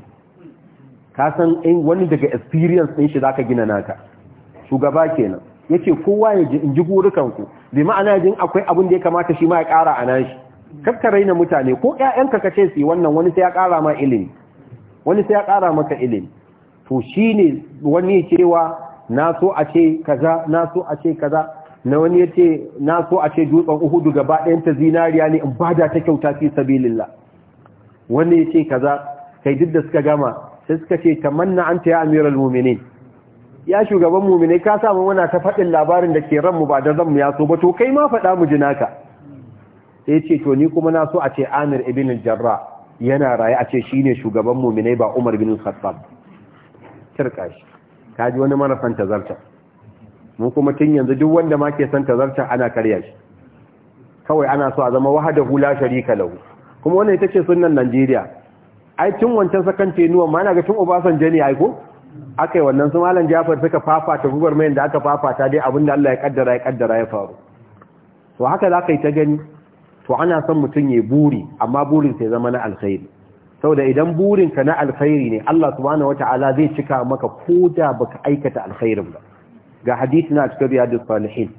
ka san wani daga experience din shi zaka gina naka shugaba kenan yace kowa ya ji gurukanku bi ma'ana jin akwai abin da ya kamata shi ma ya kara a nashi kakkare raina mutane ko ƴaƴanka kace ce su wannan wani sai ya ƙara ma ilimi wani sai ya ƙara maka ilimi to shine wani cewa na so a ce kaza na so a ce kaza na wani yace na so a ce dutsen Uhudu gaba ɗayan ta zinariya ne in bada ta kyauta fi sabilillah wani yace kaza kai duk da suka gama sai suka ce tamanna anta ya amiral mu'minin ya shugaban ne ka samu muna ta faɗin labarin da ke ran mu ba da mu ya so ba to kai ma faɗa mu jinaka sai ce to ni kuma na so a ce amir ibn jarra yana raye a ce shine shugaban mu ne ba umar bin khattab tirka shi ka ji wani mara san tazarta mu kuma tun yanzu duk wanda ma ke san tazarta ana karya shi kawai ana so a zama wahadahu la sharika lahu kuma wannan ita ce sunnan Najeriya ai tun wancan sakance nuwan ma na ga tun Obasanjo ne ai ko aka yi wannan su malam jafar suka fafata mayan da aka fafata dai abinda Allah ya kaddara ya kaddara ya faru to haka za ka yi ta gani to ana son mutum ya buri amma burin sai zama na alkhairi saboda idan burin ka na alkhairi ne Allah subhanahu wata'ala zai cika maka ko da baka aikata alkhairin ba ga hadisi na cikin riyadus salihin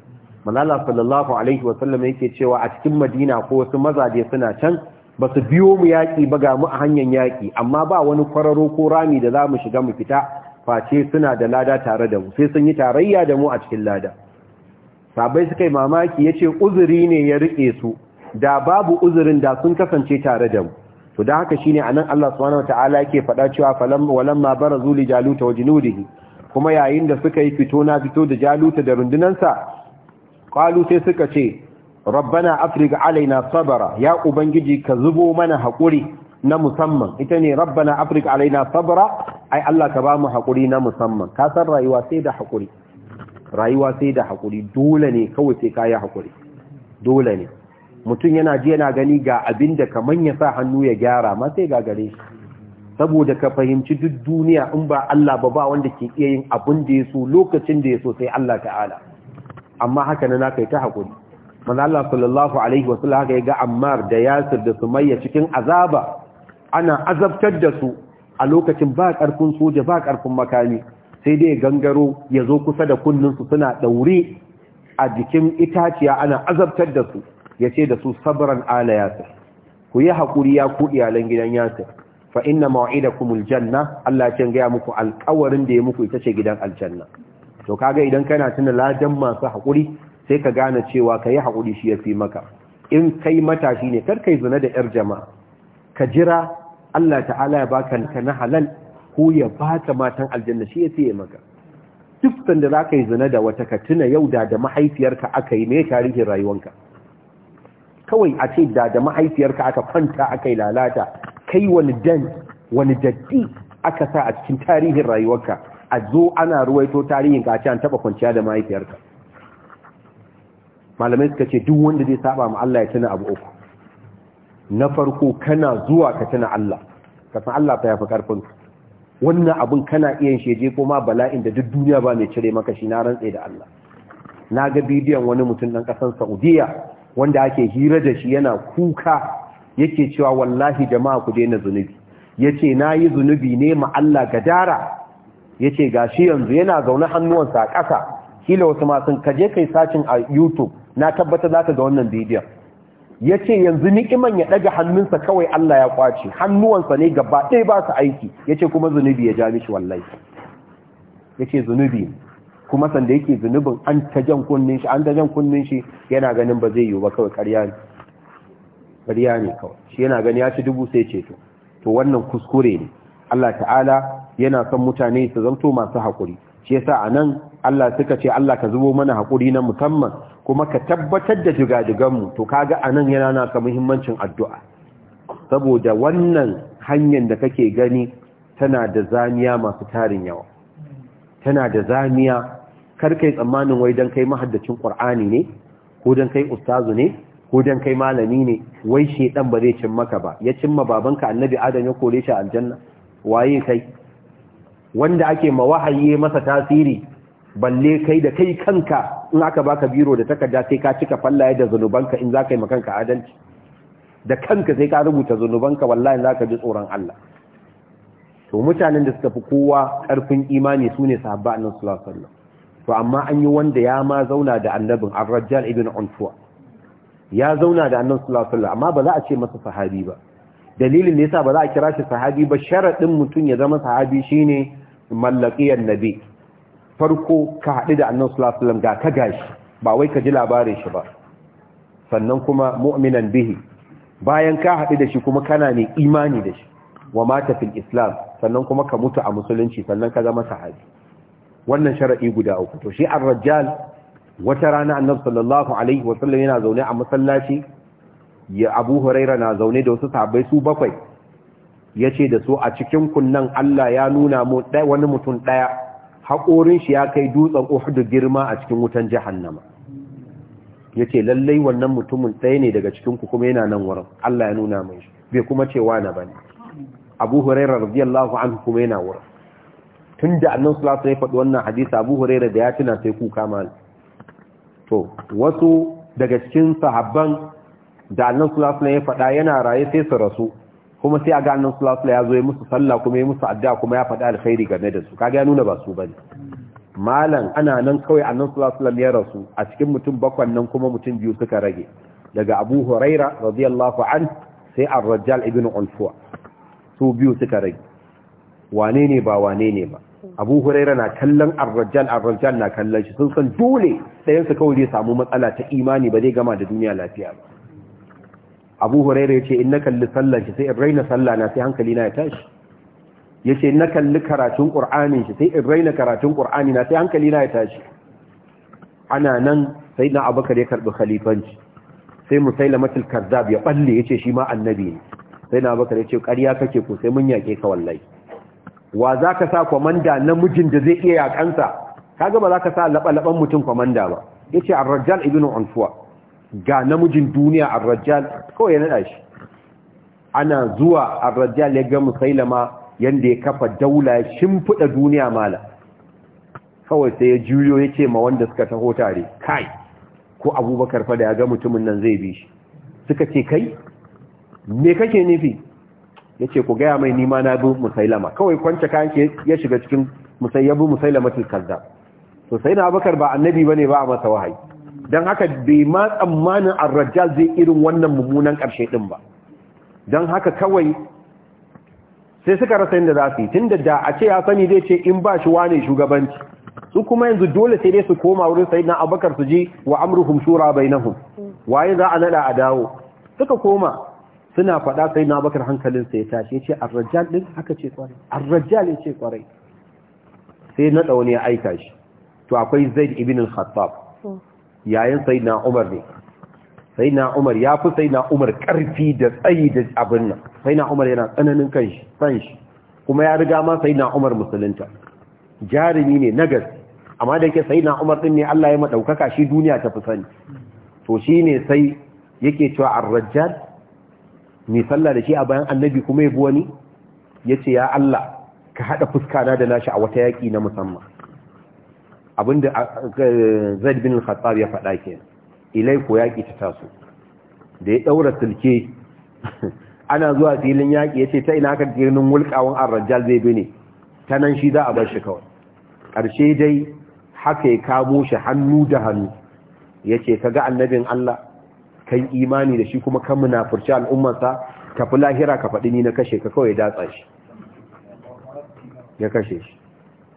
malala sallallahu alaihi wa sallam yake cewa a cikin madina ko wasu mazaje suna can ba su biyo mu yaƙi ba ga mu a hanyar yaƙi amma ba wani kwararo ko rami da za mu shiga mu fita face suna da lada tare da mu sai sun yi tarayya da mu a cikin lada sabai suka yi mamaki ya ce uzuri ne ya riƙe su da babu uzurin da sun kasance tare da mu to da haka shine anan Allah subhanahu wataala yake faɗa cewa falam walamma barazu li jaluta wa junudihi kuma yayin da suka yi fito na fito da jaluta da rundunansa qalu sai suka ce rabbana afrika alaina sabara ya ubangiji ka zubo mana haƙuri na musamman ita ne rabbana afrika alaina sabara ai Allah ka ba mu haƙuri na musamman ka san rayuwa sai da haƙuri rayuwa sai da haƙuri dole ne kawai sai ka yi haƙuri dole ne mutum yana ji yana gani ga abin da kaman ya sa hannu ya gyara ma sai ga gare shi saboda ka fahimci duk duniya in ba Allah ba ba wanda ke iya yin abin da ya so lokacin da ya so sai Allah ta'ala amma haka na kai ta haƙuri manzo Allah sallallahu alaihi wasu haka ya ga Ammar da Yasir da Sumayya cikin azaba ana azabtar da su a lokacin ba karfin soja ba karfin makami sai dai gangaro ya zo kusa da kunninsu suna daure a jikin itaciya ana azabtar da su yace da su sabran ala Yasir ku yi haƙuri ya ku iyalan gidan Yasir fa inna kumul janna Allah ya gaya muku alƙawarin da ya muku ita ce gidan aljanna to kaga idan kana tuna ladan masu hakuri sai ka gane cewa ka yi haƙuri shi ya fi maka in kai matashi ne kar kai zina da 'yar jama'a ka jira Allah ta'ala ya baka ka na halal ko ya baka matan aljanna shi ya fi maka duk sanda za ka yi zina da wata ka tuna yau da da mahaifiyarka aka yi mai tarihin rayuwanka kawai a ce da da mahaifiyarka aka kwanta aka yi lalata kai wani dan wani daddi aka sa a cikin tarihin rayuwarka a zo ana ruwaito tarihin ka a ce an taɓa kwanciya da mahaifiyarka malamai suka ce duk wanda zai saba ma Allah ya tuna abu uku na farko kana zuwa ka tuna Allah ka san Allah fa yafi karfin wannan abun kana iya sheje ko ma bala'in da duk duniya ba mai cire maka shi na rantse da Allah na ga bidiyon wani mutum dan ƙasar Saudiya wanda ake hira da shi yana kuka yake cewa wallahi jama'a ku daina zunubi yace nayi zunubi ne ma Allah gadara yace gashi yanzu yana zaune hannuwansa a ƙasa kila wasu masu kaje kai sacin a youtube na tabbata za ka ga wannan bidiyon ya ce yanzu ni'iman ya ɗaga hannunsa kawai Allah ya kwace hannuwansa ne gaba ɗaya ba su aiki ya ce kuma zunubi ya ja mishi wallai. ya ce zunubi kuma sanda yake zunubin an ta jan kunnin shi an ta jan kunnin shi yana ganin ba zai yiwu ba kawai ƙarya ne ƙarya ne kawai shi yana gani ya ci dubu sai ceto to wannan kuskure ne Allah ta'ala yana son mutane su zanto masu haƙuri shi yasa a nan Allah suka ce Allah ka zubo mana haƙuri na musamman kuma ka tabbatar da jigajiganmu to kaga a nan yana naka muhimmancin addu'a saboda wannan hanyar da kake gani tana da zamiya masu tarin yawa tana da zamiya karkai tsammanin wai don kai mahaddacin ƙur'ani ne ko don kai ustazu ne ko don kai malami ne wai shaidan ba zai cin ka ba ya cimma babanka annabi adam ya kore shi aljanna waye kai wanda ake mawahayi masa tasiri balle kai da kai kanka in aka baka biro da takarda sai ka cika fallaye da zanubanka in za ka yi makanka adalci da kanka sai ka rubuta zanubanka wallahi za ka ji tsoron Allah to mutanen da suka fi kowa ƙarfin imani su ne sahabba annan sulasallam to amma an yi wanda ya ma zauna da annabin arrajal ibn unfuwa ya zauna da annan sulasallam amma ba za a ce masa sahabi ba dalilin da yasa ba za a kira shi sahabi ba sharaɗin mutum ya zama sahabi shine mallakiyar nabi farko ka haɗu da annan sulasulam ga ka gashi ba wai ka ji labarin shi ba sannan kuma mu'minan bihi bayan ka haɗu da shi kuma kana ne imani da shi wa mata fil islam sannan kuma ka mutu a musulunci sannan ka zama sahabi wannan shara'i guda uku to shi ar-rajjal wata rana annabi sallallahu alaihi wa sallam yana zaune a masallaci ya Abu Huraira na zaune da wasu sahabbai su bakwai yace da su a cikin kunnan Allah ya nuna mu wani mutum daya haƙorin shi ya kai dutsen Uhud girma a cikin wutan jahannama ce lallai wannan mutumin ɗaya ne daga cikin ku kuma yana nan wurin Allah ya nuna mai shi bai kuma cewa na bane Abu Hurairah radiyallahu anhu kuma yana wurin Tun annabi sallallahu alaihi wasallam ya faɗi wannan hadisi Abu Hurairah da ya tuna sai kuka ma to wasu daga cikin sahabban da annabi sallallahu alaihi wasallam ya faɗa yana raye sai su rasu kuma sai a ga sulasula ya zo ya musu sallah kuma ya musu addu'a kuma ya faɗa alkhairi game da su kaga ya nuna ba su bane malam ana nan kawai a sallallahu alaihi ya rasu a cikin mutum bakwan nan kuma mutum biyu suka rage daga Abu Huraira radiyallahu an sai ar rajal ibn ulfuwa su biyu suka rage wane ne ba wane ne ba abu huraira na kallon arrajal arrajal na kallon shi sun san dole su kawai zai samu matsala ta imani ba zai gama da duniya lafiya ba abu huraira ya ce in na kalli sallan shi sai in raina sallah na sai hankali na ya tashi ya ce na kalli karatun ƙur'anin shi sai in raina karatun ƙur'ani na sai hankali na ya tashi ana nan sai na abakar ya karɓi khalifanci sai musailamatul kazzab ya balle ya ce shi ma annabi ne sai na abakar ya ce ƙarya kake ko sai mun yaƙe ka wallahi wa za ka sa kwamanda namijin da zai iya yaƙansa kaga ba za ka sa laɓa-laɓan mutum kwamanda ba ya ce arrajal ibn al-Unsuwa. ga namijin duniya a rajjal kawai ya naɗa shi ana zuwa a rajjal ya ga musailama yadda ya kafa daula ya shimfiɗa duniya mala kawai sai ya juyo ya ce ma wanda suka taho tare kai ko abubakar fada ya ga mutumin nan zai bi shi suka ce kai me kake nufi ya ce ku gaya mai nima na bi musailama kawai kwanci kayan ya shiga cikin musayyabu musailama tilkazza to sai na abubakar ba annabi ba ne ba a masa wahayi don haka bai ma tsammanin arrajal zai irin wannan mummunan ƙarshe ɗin ba don haka kawai sai suka rasa yadda za su yi tun da da a ce ya sani zai ce in ba shi wane shugabanci su kuma yanzu dole sai dai su koma wurin sai na abakar su ji wa amruhum shura bainahum waye za a nada a dawo suka koma suna faɗa sai na abakar hankalin sai ya tashi ce arrajal ɗin haka ce kwarai arrajal ya ce kwarai sai na ɗaune ya aika shi to akwai zaid ibn al-khattab hmm. yayin sayyidina Umar ne sayyidina Umar ya fi sayyidina Umar karfi da tsayi da abin nan sayyidina Umar yana tsananin kanshi kanshi kuma ya riga ma sayyidina Umar musulunta jarumi ne nagas amma da yake sayyidina Umar din ne Allah ya ɗaukaka shi duniya ta fi sani to shi ne sai yake cewa ar mai sallah da shi a bayan annabi kuma ya bi wani yace ya Allah ka haɗa fuska na da nashi a wata yaki na musamman abinda zai bin al-khattab ya faɗa ilai ko yaƙi ta taso da ya ɗaura silke ana zuwa filin yaƙi ya ce ta ina aka girnin wulƙawan arrajal zai bi ne ta nan shi za a bar shi kawai ƙarshe dai haka ya kamo shi hannu da hannu ya ce ka ga annabin Allah kan imani da shi kuma kan munafurci al'ummarsa ka fi lahira ka faɗi ni na kashe ka kawai datsa shi ya kashe shi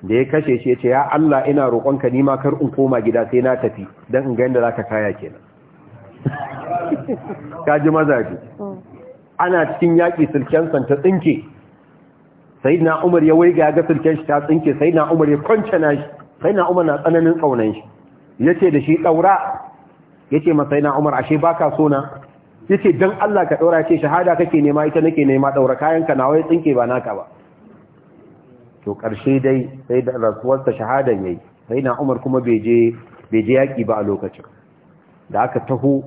da ya kashe shi ya ce ya Allah ina roƙonka nima kar in koma gida sai na tafi don in ga yadda zaka kaya kenan ka ji mazaje ana cikin yaƙi sulken san ta tsinke sayyidina Umar ya waiga ga sulken shi ta tsinke sayyidina Umar ya na shi sayyidina Umar na tsananin kaunan shi yace da shi daura yace ma sayyidina Umar ashe baka so na yace dan Allah ka daura ce shahada kake nema ita nake nema daura kayan ka nawa ya tsinke ba naka ba to ƙarshe dai sai da rasuwarsa shahadar yayi sai na umar kuma bai je yaƙi ba a lokacin da aka taho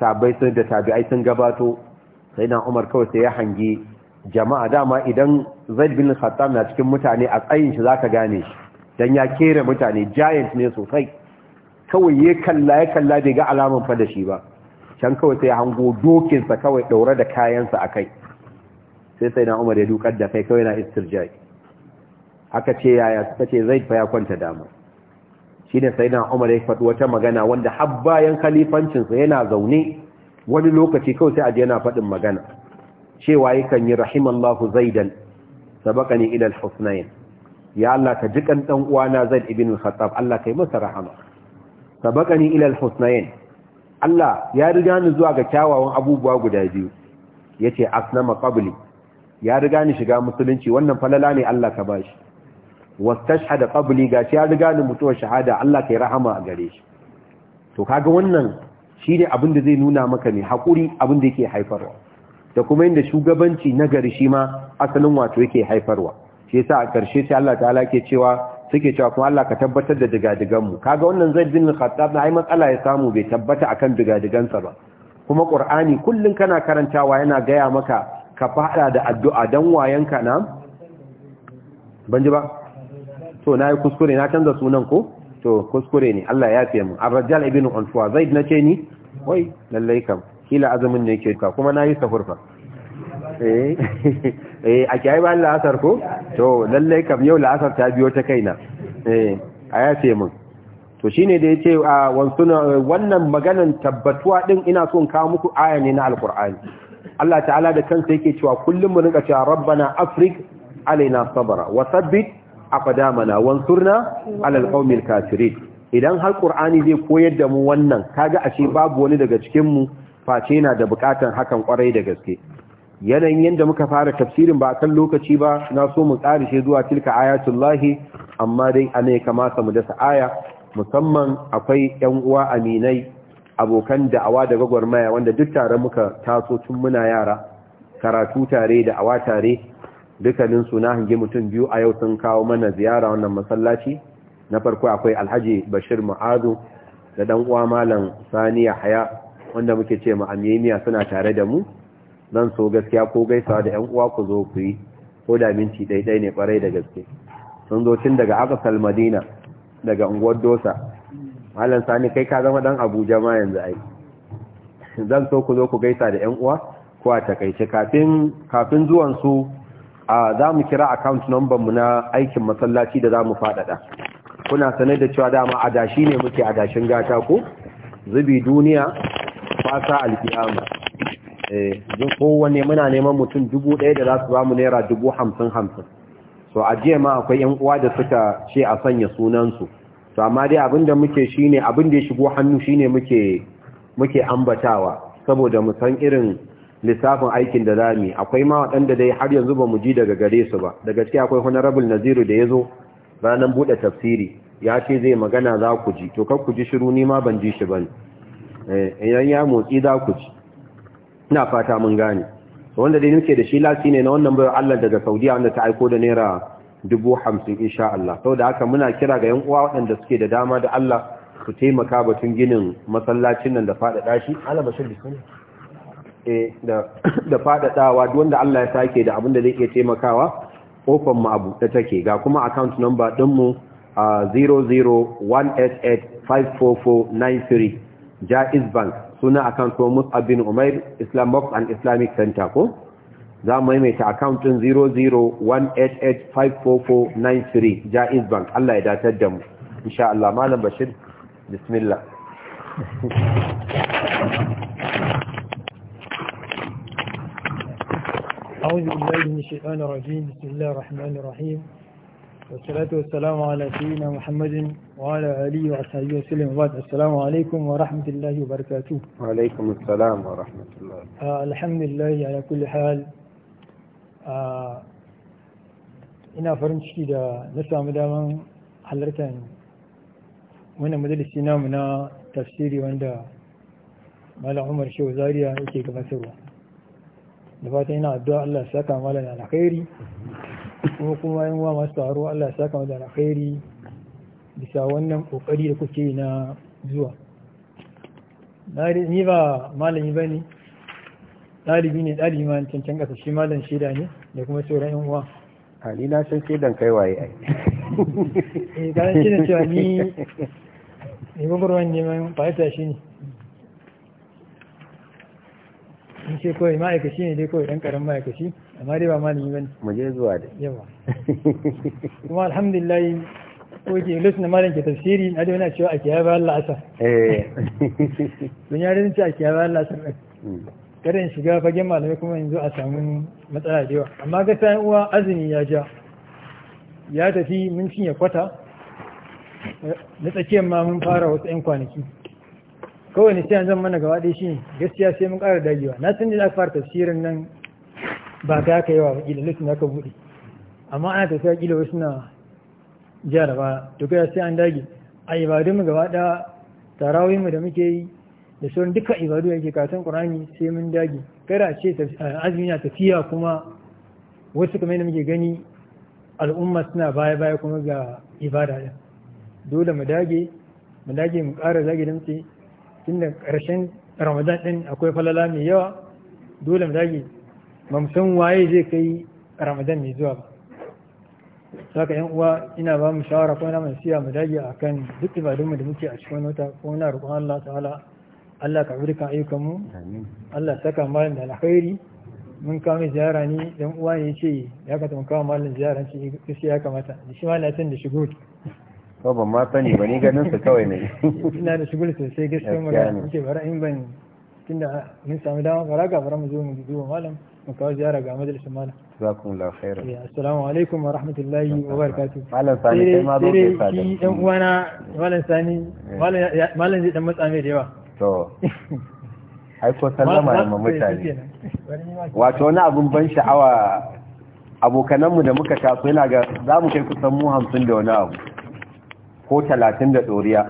sabai sun da tabi'ai sun gabato sai na umar kawai sai ya hangi jama'a dama idan zaid bin khattab na cikin mutane a tsayin shi zaka gane shi dan ya kera mutane giant ne sosai kawai ya kalla ya kalla bai ga alaman fa da shi ba can kawai sai ya hango dokinsa kawai daure da kayansa akai sai sai na umar ya dukar da kai kawai na istirjai aka ce yaya suka ce zai fa ya kwanta dama shi ne sai na umar ya faɗi wata magana wanda har bayan khalifancinsa yana zaune wani lokaci kawai sai a yana faɗin magana cewa yakan yi rahimallahu zaidan sabaqani ila al-husnayn ya Allah ka dan uwana Zaid ibn khattab Allah kai masa rahama sabaqani ila Allah ya riga ni zuwa ga kyawawan abubuwa guda biyu yace asnama qabli ya riga ni shiga musulunci wannan falala ne Allah ka bashi wastashhada qabli gashi ya riga ni mutuwar shahada Allah kai rahama a gare shi to kaga wannan shine abin da zai nuna maka ne hakuri abin da yake haifarwa da kuma inda shugabanci na gari shi ma asalin wato yake haifarwa shi yasa a ƙarshe sai Allah ta'ala ke cewa suke cewa kuma Allah ka tabbatar da digadigan mu kaga wannan Zaid bin Khattab na ai matsala ya samu bai tabbata akan digadigansa ba kuma Qur'ani kullun kana karantawa yana gaya maka ka fada da addu'a dan wayanka na ban ji ba to na yi kuskure na canza sunan ko to kuskure ne Allah ya fiye mu arrajal ibn unfuwa zaid na ce ni wai lallai kam kila azumin ne ke ka kuma na yi eh eh a yi ba la'asar ko to lallai kam yau la'asar ta biyo ta kaina eh a ya fiye mu to shine da yace a wannan maganan tabbatuwa din ina son kawo muku aya ne na alqur'ani Allah ta'ala da kansa yake cewa kullum mu rinka cewa rabbana afrik alaina sabra wa thabbit aqdamana wansurna ala qaumil kafirin idan har qur'ani zai koyar da mu wannan kaga ashe babu wani daga cikin mu face yana da bukatan hakan kwarai da gaske yanayin yadda muka fara tafsirin ba a kan lokaci ba na so mu karishe zuwa tilka ayatullahi amma dai ana kamata mu dasa aya musamman akwai yan uwa aminai abokan da'awa da gwagwarmaya wanda duk tare muka taso tun muna yara karatu tare da awa tare dukkanin suna na mutum biyu a yau sun kawo mana ziyara wannan masallaci na farko akwai alhaji bashir ma'adu da dan uwa malam sani haya wanda muke ce ma amiyamiya suna tare da mu zan so gaskiya ko gaisawa da yan uwa ku zo ku yi ko da minti ɗaiɗai ne kwarai da gaske sun zo tun daga akasal madina daga unguwar dosa malam sani kai ka zama dan abuja ma yanzu ai zan so ku zo ku gaisa da yan uwa ko a takaice kafin kafin zuwan su a za mu kira account number mu na aikin masallaci da za mu faɗaɗa kuna sanar da cewa dama adashi ne muke adashin gata ko zubi duniya fasa alkiyama eh ko kowanne muna neman mutum dubu ɗaya da za su ba mu naira dubu hamsin hamsin so a jiya ma akwai yan uwa da suka ce a sanya sunansu to amma dai abinda muke shine abinda ya shigo hannu shine muke muke ambatawa saboda mu san irin lissafin aikin da zamu akwai ma waɗanda dai har yanzu ba mu ji daga gare su ba daga cikin akwai honorable Naziru da yazo ranan bude tafsiri ya ce zai magana za ku ji to kar ku ji shiru ni ma ban ji shi bane eh idan ya motsi za ku ji ina fata mun gane wanda dai nake da shi lati ne na wannan bayan Allah daga Saudiya wanda ta aiko da naira dubu hamsin insha Allah sau da haka muna kira ga yan uwa waɗanda suke da dama da Allah su taimaka batun ginin masallacin nan da faɗaɗa shi alabashir eh, da sani e da faɗaɗawa duk wanda Allah ya sake da abin da zai iya taimakawa kofar mu abu da take ga kuma account number din mu 001885449 Jaiz Bank suna account ko Musa bin Umair Islam Box and Islamic Center ko za mu maimaita account din 0018854493 Jaiz Bank Allah ya datar da mu insha Allah malam Bashir bismillah أعوذ بالله من الشيطان الرجيم بسم الله الرحمن الرحيم والصلاة والسلام على سيدنا محمد وعلى آله وصحبه وسلم وبعد السلام عليكم ورحمة الله وبركاته وعليكم السلام ورحمة الله آه، الحمد لله على كل حال ina farin ciki da na samu daman halartar wannan majalisi namu na tafsiri wanda malam umar shehu zaria yake gabatarwa da fatan ina addu'a Allah ya saka malam da alkhairi kuma kuma yin wa masu taro Allah ya saka malam da alkhairi bisa wannan kokari da kuke na zuwa ni ba malami ba ne. ɗalibi ne ɗalibi ma cancan ƙasa shi malam shaida ne da kuma sauran yan uwa Ali na san shaidan kai waye ai eh ga shi da cewa ni ne gurbin ne mai fa'ida shi ne ni ce kawai ma'aikaci ne dai kawai ɗan ƙaramin ma'aikaci amma dai ba malami ba ne mu je zuwa da yawa kuma alhamdulillah ko ke lokacin da malam ke tafsiri na dai wani cewa a kiyaye bayan la'asar eh dun ya ce a kiyaye bayan la'asar mm. kada in shiga fagen malamai kuma yanzu a samu matsala da yawa amma gasar uwa azumi ya ja ya tafi mun cinye kwata na tsakiyar ma mun fara wasu 'yan kwanaki kawai ne sai zan mana gaba ɗaya shi gaskiya sai mun ƙara dagewa na san da aka fara tafsirin nan ba ta aka yawa ba ƙila lissin aka buɗe amma ana tafiya ƙila wasu na da ba to kai sai an dage a ibadunmu mu gaba ɗaya tarawih mu da muke yi da sauran duka ibadu da yake karatun qur'ani sai mun dage kada a ce azumi na tafiya kuma wasu kamar yadda muke gani al'umma suna baya baya kuma ga ibada din dole mu dage mu dage mu ƙara zage tunda ƙarshen ramadan ɗin akwai falala mai yawa dole mu dage ba mu san waye zai kai ramadan mai zuwa ba saka yan uwa ina ba mu shawara ko naman mai siya mu dage akan duk ibadunmu da muke a cikin wata ko na roƙon Allah ta'ala Allah ka burka ayyukan mu Allah saka malin da alkhairi mun kawo ziyara ne dan uwa ne ce ya ka mun kawo malin ziyara ce eh, gaskiya ya kamata shi ma na san da shigo ko ban ma sani ba ni ganin su kawai ne ina da shigo sosai gaskiya mu ga ce bara in ban tunda mun samu dama bara ga bara mu zo mu duba malam mun kawo ziyara ga majalisar malam jazakum la khairan assalamu alaikum wa rahmatullahi wa barakatuh malam sani kai ma zo Sai sada shi dan uwana malam sani eh. malam malam zai dan matsa mai da yawa to ai ko sallama da mutane wato wani abun ban sha'awa abokananmu da muka taso yana ga za mu kai kusan mu hamsin da wani abu ko talatin da ɗoriya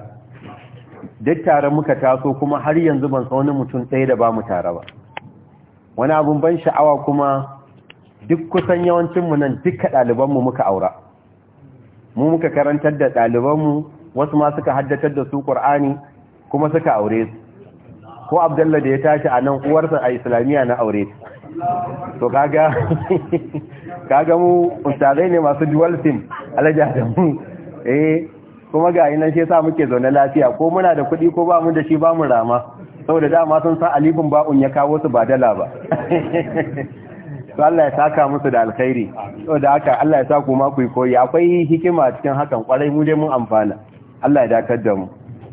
duk tare muka taso kuma har yanzu ban sa wani mutum ɗaya da ba mu tare ba wani abun ban sha'awa kuma duk kusan yawancinmu nan duka ɗalibanmu muka aura mu muka karantar da ɗalibanmu wasu ma suka haddatar da su ƙur'ani kuma suka aure su ko abdalla da ya tashi a nan uwarsa a islamiyya na aure to kaga kaga mu ustazai ne masu dual sim alaja da mu eh kuma ga nan ce sa muke zaune lafiya ko muna da kuɗi ko ba mu da shi ba mu rama saboda dama sun san alifin ba'un ya kawo su ba dala ba to Allah ya saka musu da alkhairi saboda haka Allah ya sa kuma ma ku koyi akwai hikima cikin hakan kwarai mu dai mun amfana Allah ya dakar da mu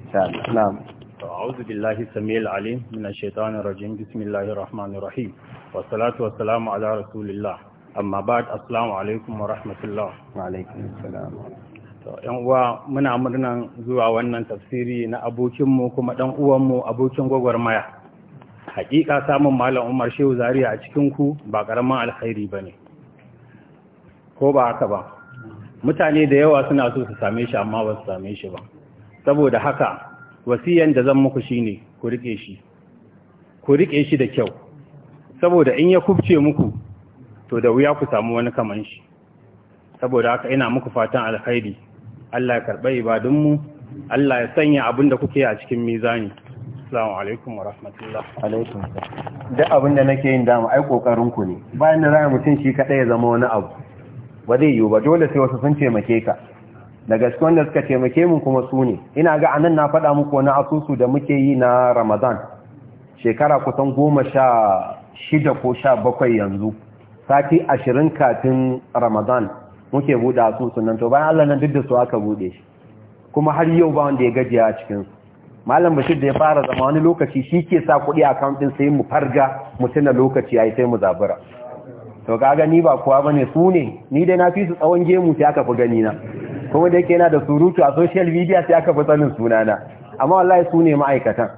insha Allah أعوذ بالله السميع العليم من الشيطان الرجيم بسم الله الرحمن الرحيم والصلاة والسلام على رسول الله أما بعد السلام عليكم ورحمة الله وعليكم السلام yan uwa muna murnan zuwa wannan tafsiri na abokinmu kuma ɗan uwanmu abokin gwagwarmaya hakika samun malam Umar Shehu Zaria a cikinku ku ba karaman alkhairi ne, ko ba haka ba mutane da yawa suna so su same shi amma ba su same shi ba saboda haka wasiyan da zan muku shine ku rike shi ku rike shi da kyau saboda in ya kubce muku to da wuya ku samu wani kaman shi saboda haka ina muku fatan alkhairi Allah ya ibadun mu, Allah ya sanya abinda kuke a cikin mizani Assalamu alaikum wa rahmatullah alaikum da abin nake yin dama ai kokarin ku ne bayan da za mu cin shi kadai ya zama wani abu ba zai yiwu ba dole sai wasu sun ce make ka da gaske wanda suka taimake mu kuma su ne ina ga anan na faɗa muku wani asusu da muke yi na ramadan shekara kusan goma sha shida ko sha bakwai yanzu sati ashirin kafin ramadan muke buɗe asusun nan to bayan allah nan duk da su aka buɗe shi kuma har yau ba wanda ya gajiya a cikinsu malam bashir da ya fara zama wani lokaci shi ke sa kuɗi a kamfin sai mu farga mu tuna lokaci ya yi sai mu zabura to kaga ni ba kuwa ba ne su ne ni dai na fi su tsawon gemu sai aka fi gani na kuma da yake yana da surutu a social media sai aka fi sanin sunana amma wallahi su ne ma'aikatan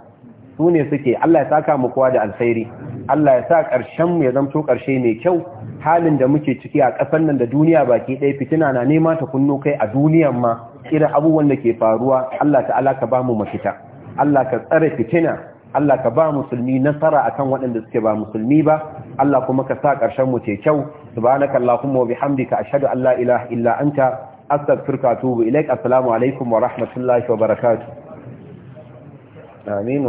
su ne suke Allah ya saka mu kowa da alkhairi Allah ya sa ƙarshen mu ya zamto ƙarshe mai kyau halin da muke ciki a ƙasar nan da duniya baki ɗaya fitina na nema ta kunno kai a duniyan ma irin abubuwan da ke faruwa Allah ta'ala ka ba mu mafita Allah ka tsare fitina Allah ka ba musulmi nasara akan waɗanda suke ba musulmi ba Allah kuma ka sa ƙarshen mu ce kyau subhanakallahumma wa bihamdika ashhadu an la ilaha illa anta astaghfiruka wa atubu ilaik assalamu alaikum wa rahmatullahi wa barakatuh amin